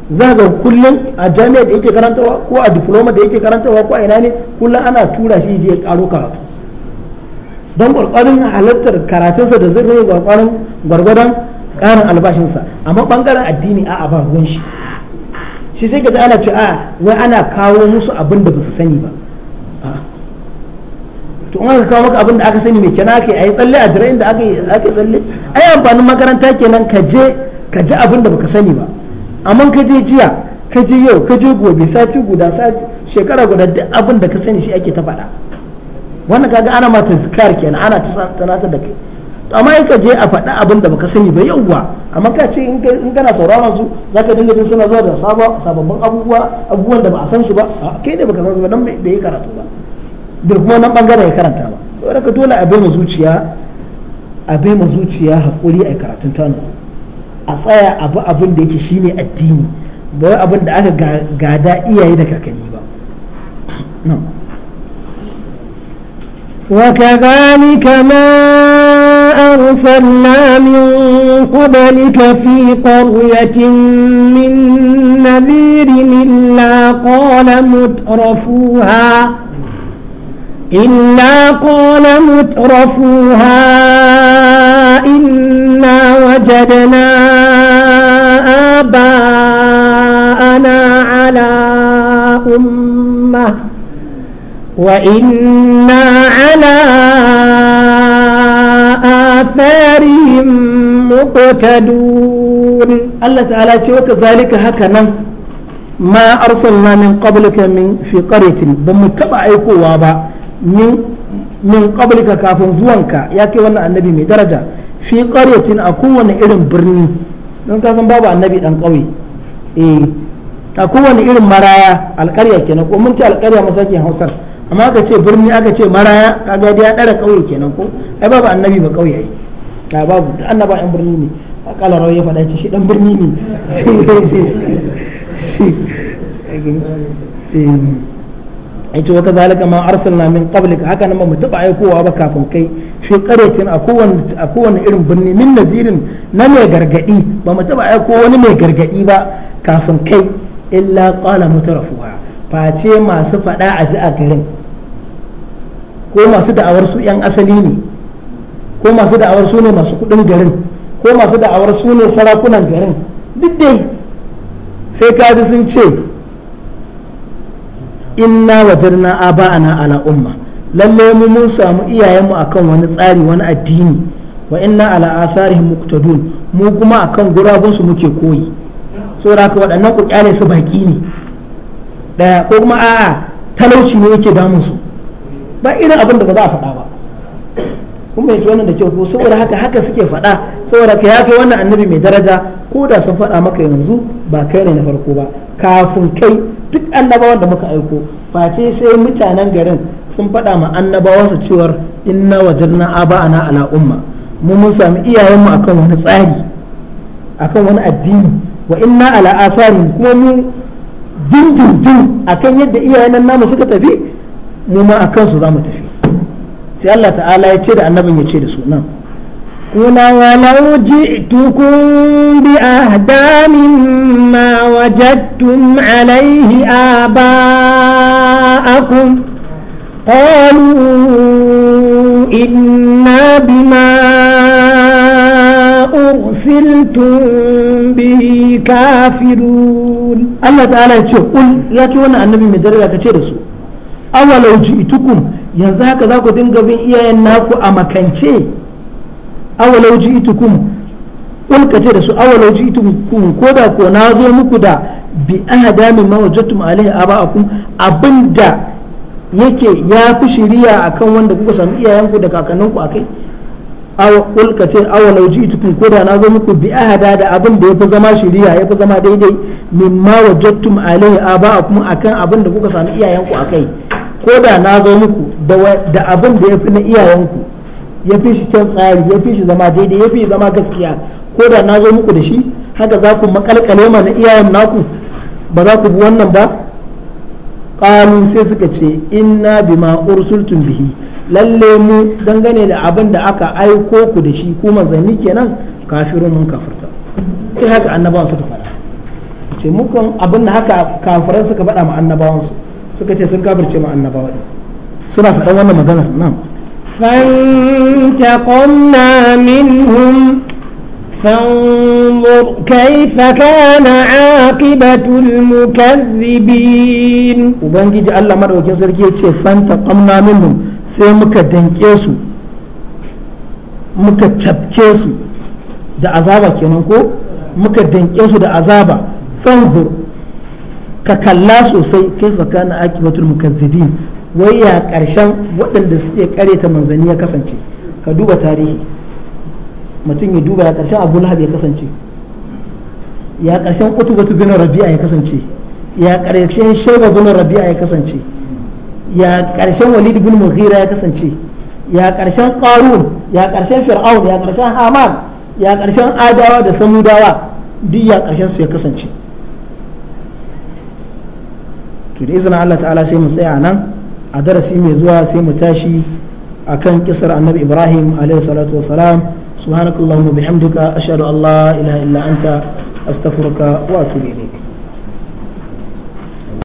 za ga kullum a jami'a da yake karantawa ko a diploma da yake karantawa ko a ina ne kullum ana tura shi je karo karatu don ƙwarƙwarin halartar karatunsa da zai rage ƙwarƙwarin gwargwadon ƙarin albashinsa amma ɓangaren addini a ba ruwan shi shi sai ka ji ana ce a wai ana kawo musu abin da basu su sani ba to in aka kawo maka abin da aka sani mai kenan aka yi tsalle a dirayin da aka yi tsalle ai amfanin makaranta kenan ka je ka ji abin da baka sani ba amma ka je jiya ka je yau ka je gobe sati guda sati shekara guda duk abin da ka sani shi ake ta faɗa wannan kaga ana ma tafkar kenan ana ta da kai amma in ka je a faɗa abin da baka sani ba yauwa amma ka ce in kana sauraron su za ka dinga jin suna zuwa da sababbin abubuwa abubuwan da ba a san su ba kai ne baka san su ba dan bai yi karatu ba bai kuma nan bangare ya karanta ba saboda ka dole a bai ma zuciya a bai ma zuciya hakuri a karatun ta nutsu a tsaya a bi abin da yake shine addini ba abin da aka gada iyaye da kakanni ba وكذلك ما أرسلنا من قبلك في قرية من نذير إلا قال مترفوها إلا قال مترفوها إنا وجدنا آباءنا على أمة وإنا على Akwai rihimako ta duri. Allah Ta'ala ake wa kazalika hakanan ma an min kwabaluka min fi karyatun ba mu taɓa ba min kwabaluka kafin zuwanka ya kai wannan a mai daraja fi karyatun a ko irin birni in ka san babu a dan ƙauye a ko wani irin maraya alƙalya kenan ko mun ci alƙalya musu ake hausan. amma aka ce birni aka ce maraya kaga ya dara kauye kenan ko ai babu annabi ba kauye ai da babu da annaba yan birni ne a kala rawa ya faɗa shi dan birni ne ai to waka zalika ma arsalna min qablika haka nan ba mu taba aikowa ba kafin kai fi qaryatin a kowanne a kowanne irin birni min nazirin na mai gargadi ba mu taba aiko wani mai gargadi ba kafin kai illa qala mutarafuha face masu faɗa a ji a garin ko masu da'awar su 'yan asali ne ko masu da'awar su ne masu kudin garin ko masu da'awar su ne sarakunan garin duk dai sai kaji sun ce inna wajarna aba'ana ala umma lalle mu mun samu iyayenmu akan wani tsari wani addini wa inna ala asarihim muqtadun mu kuma akan gurabun su muke koyi saboda haka waɗannan ku kyale su baki ne daya ko kuma a'a talauci ne yake damun su ba irin abin da ba za a faɗa ba kun mai wannan da kyau ko saboda haka haka suke faɗa saboda ka ya kai wannan annabi mai daraja ko da sun faɗa maka yanzu ba kai ne na farko ba kafin kai duk annabawan da muka aiko face sai mutanen garin sun faɗa ma annabawansu cewar inna wajarna aba'ana ala umma mu mun sami iyayenmu akan wani tsari akan wani addini wa inna ala asarin kuma mu dindindin akan yadda iyayen nan namu suka tafi mu ma a kansu za mu tafi sai Allah ta'ala ya ce da annabin ya ce da su nan kuna walau ji bi ahda mimma wajadtum alaihi aba'akum qalu inna bima ursiltum bihi kafirun Allah ta'ala ya ce kul yake wannan annabi mai daraja ka ce da su awalau ji'tukum yanzu haka za ku dinga bin iyayen naku a makance awalau ji'tukum ulkace da su awalau ji'tukum ko da ko na zo muku da bi ahada min ma wajadtum alaihi aba'akum abinda yake ya fi shiriya akan wanda kuka samu iyayen ku da kakanninku akai ulka ce awalau ji'tukum ko da na zo muku bi ahada da abin da fi zama shiriya ya fi zama daidai min ma wajadtum alaihi aba'akum akan abin da kuka iyayen ku akai ko da na zo muku da abin da ya fi na iyayenku ya fi shi kyan tsari ya fi shi zama daidai ya fi zama gaskiya ko da na zo muku da shi haka za ku makalkale ma na iyayen naku ba za ku bi wannan ba ƙalu sai suka ce inna bima ursultum bihi lalle mu dangane da abin da aka aiko ku da shi ku manzanni kenan kafirun mun kafirta kai haka annabawan suka faɗa ce mukan abin da haka kafiran suka faɗa ma annabawan su suka ce sun kafirce ma annabawa suna faɗan wannan maganar na'am فانتقمنا منهم فانظر كيف كان عاقبة المكذبين وبنجي الله مرة وكين سركي يتشي فانتقمنا منهم سي مكا دنكيسو مكا تشبكيسو دا عذابا كينانكو مكا دنكيسو دا عذابا فانظر ka kalla sosai kaifa kana akibatul mukazzibin wai ya karshen waɗanda suke kareta manzanni ya kasance ka duba tarihi mutum ya duba ya karshen abu lahab ya kasance ya karshen utubatu bin rabi'a ya kasance ya karshen shaiba bin rabi'a ya kasance ya karshen walid bin mughira ya kasance ya karshen qarun ya karshen fir'aun ya karshen haman ya karshen adawa da samudawa duk ya karshen su ya kasance to da izinin Allah ta'ala sai mu tsaya nan a darasi mai zuwa sai mu tashi akan kisar annabi ibrahim alaihi salatu mu subhanakallahumma bihamdika ashhadu an la ilaha illa anta astaghfiruka wa atubu ilayk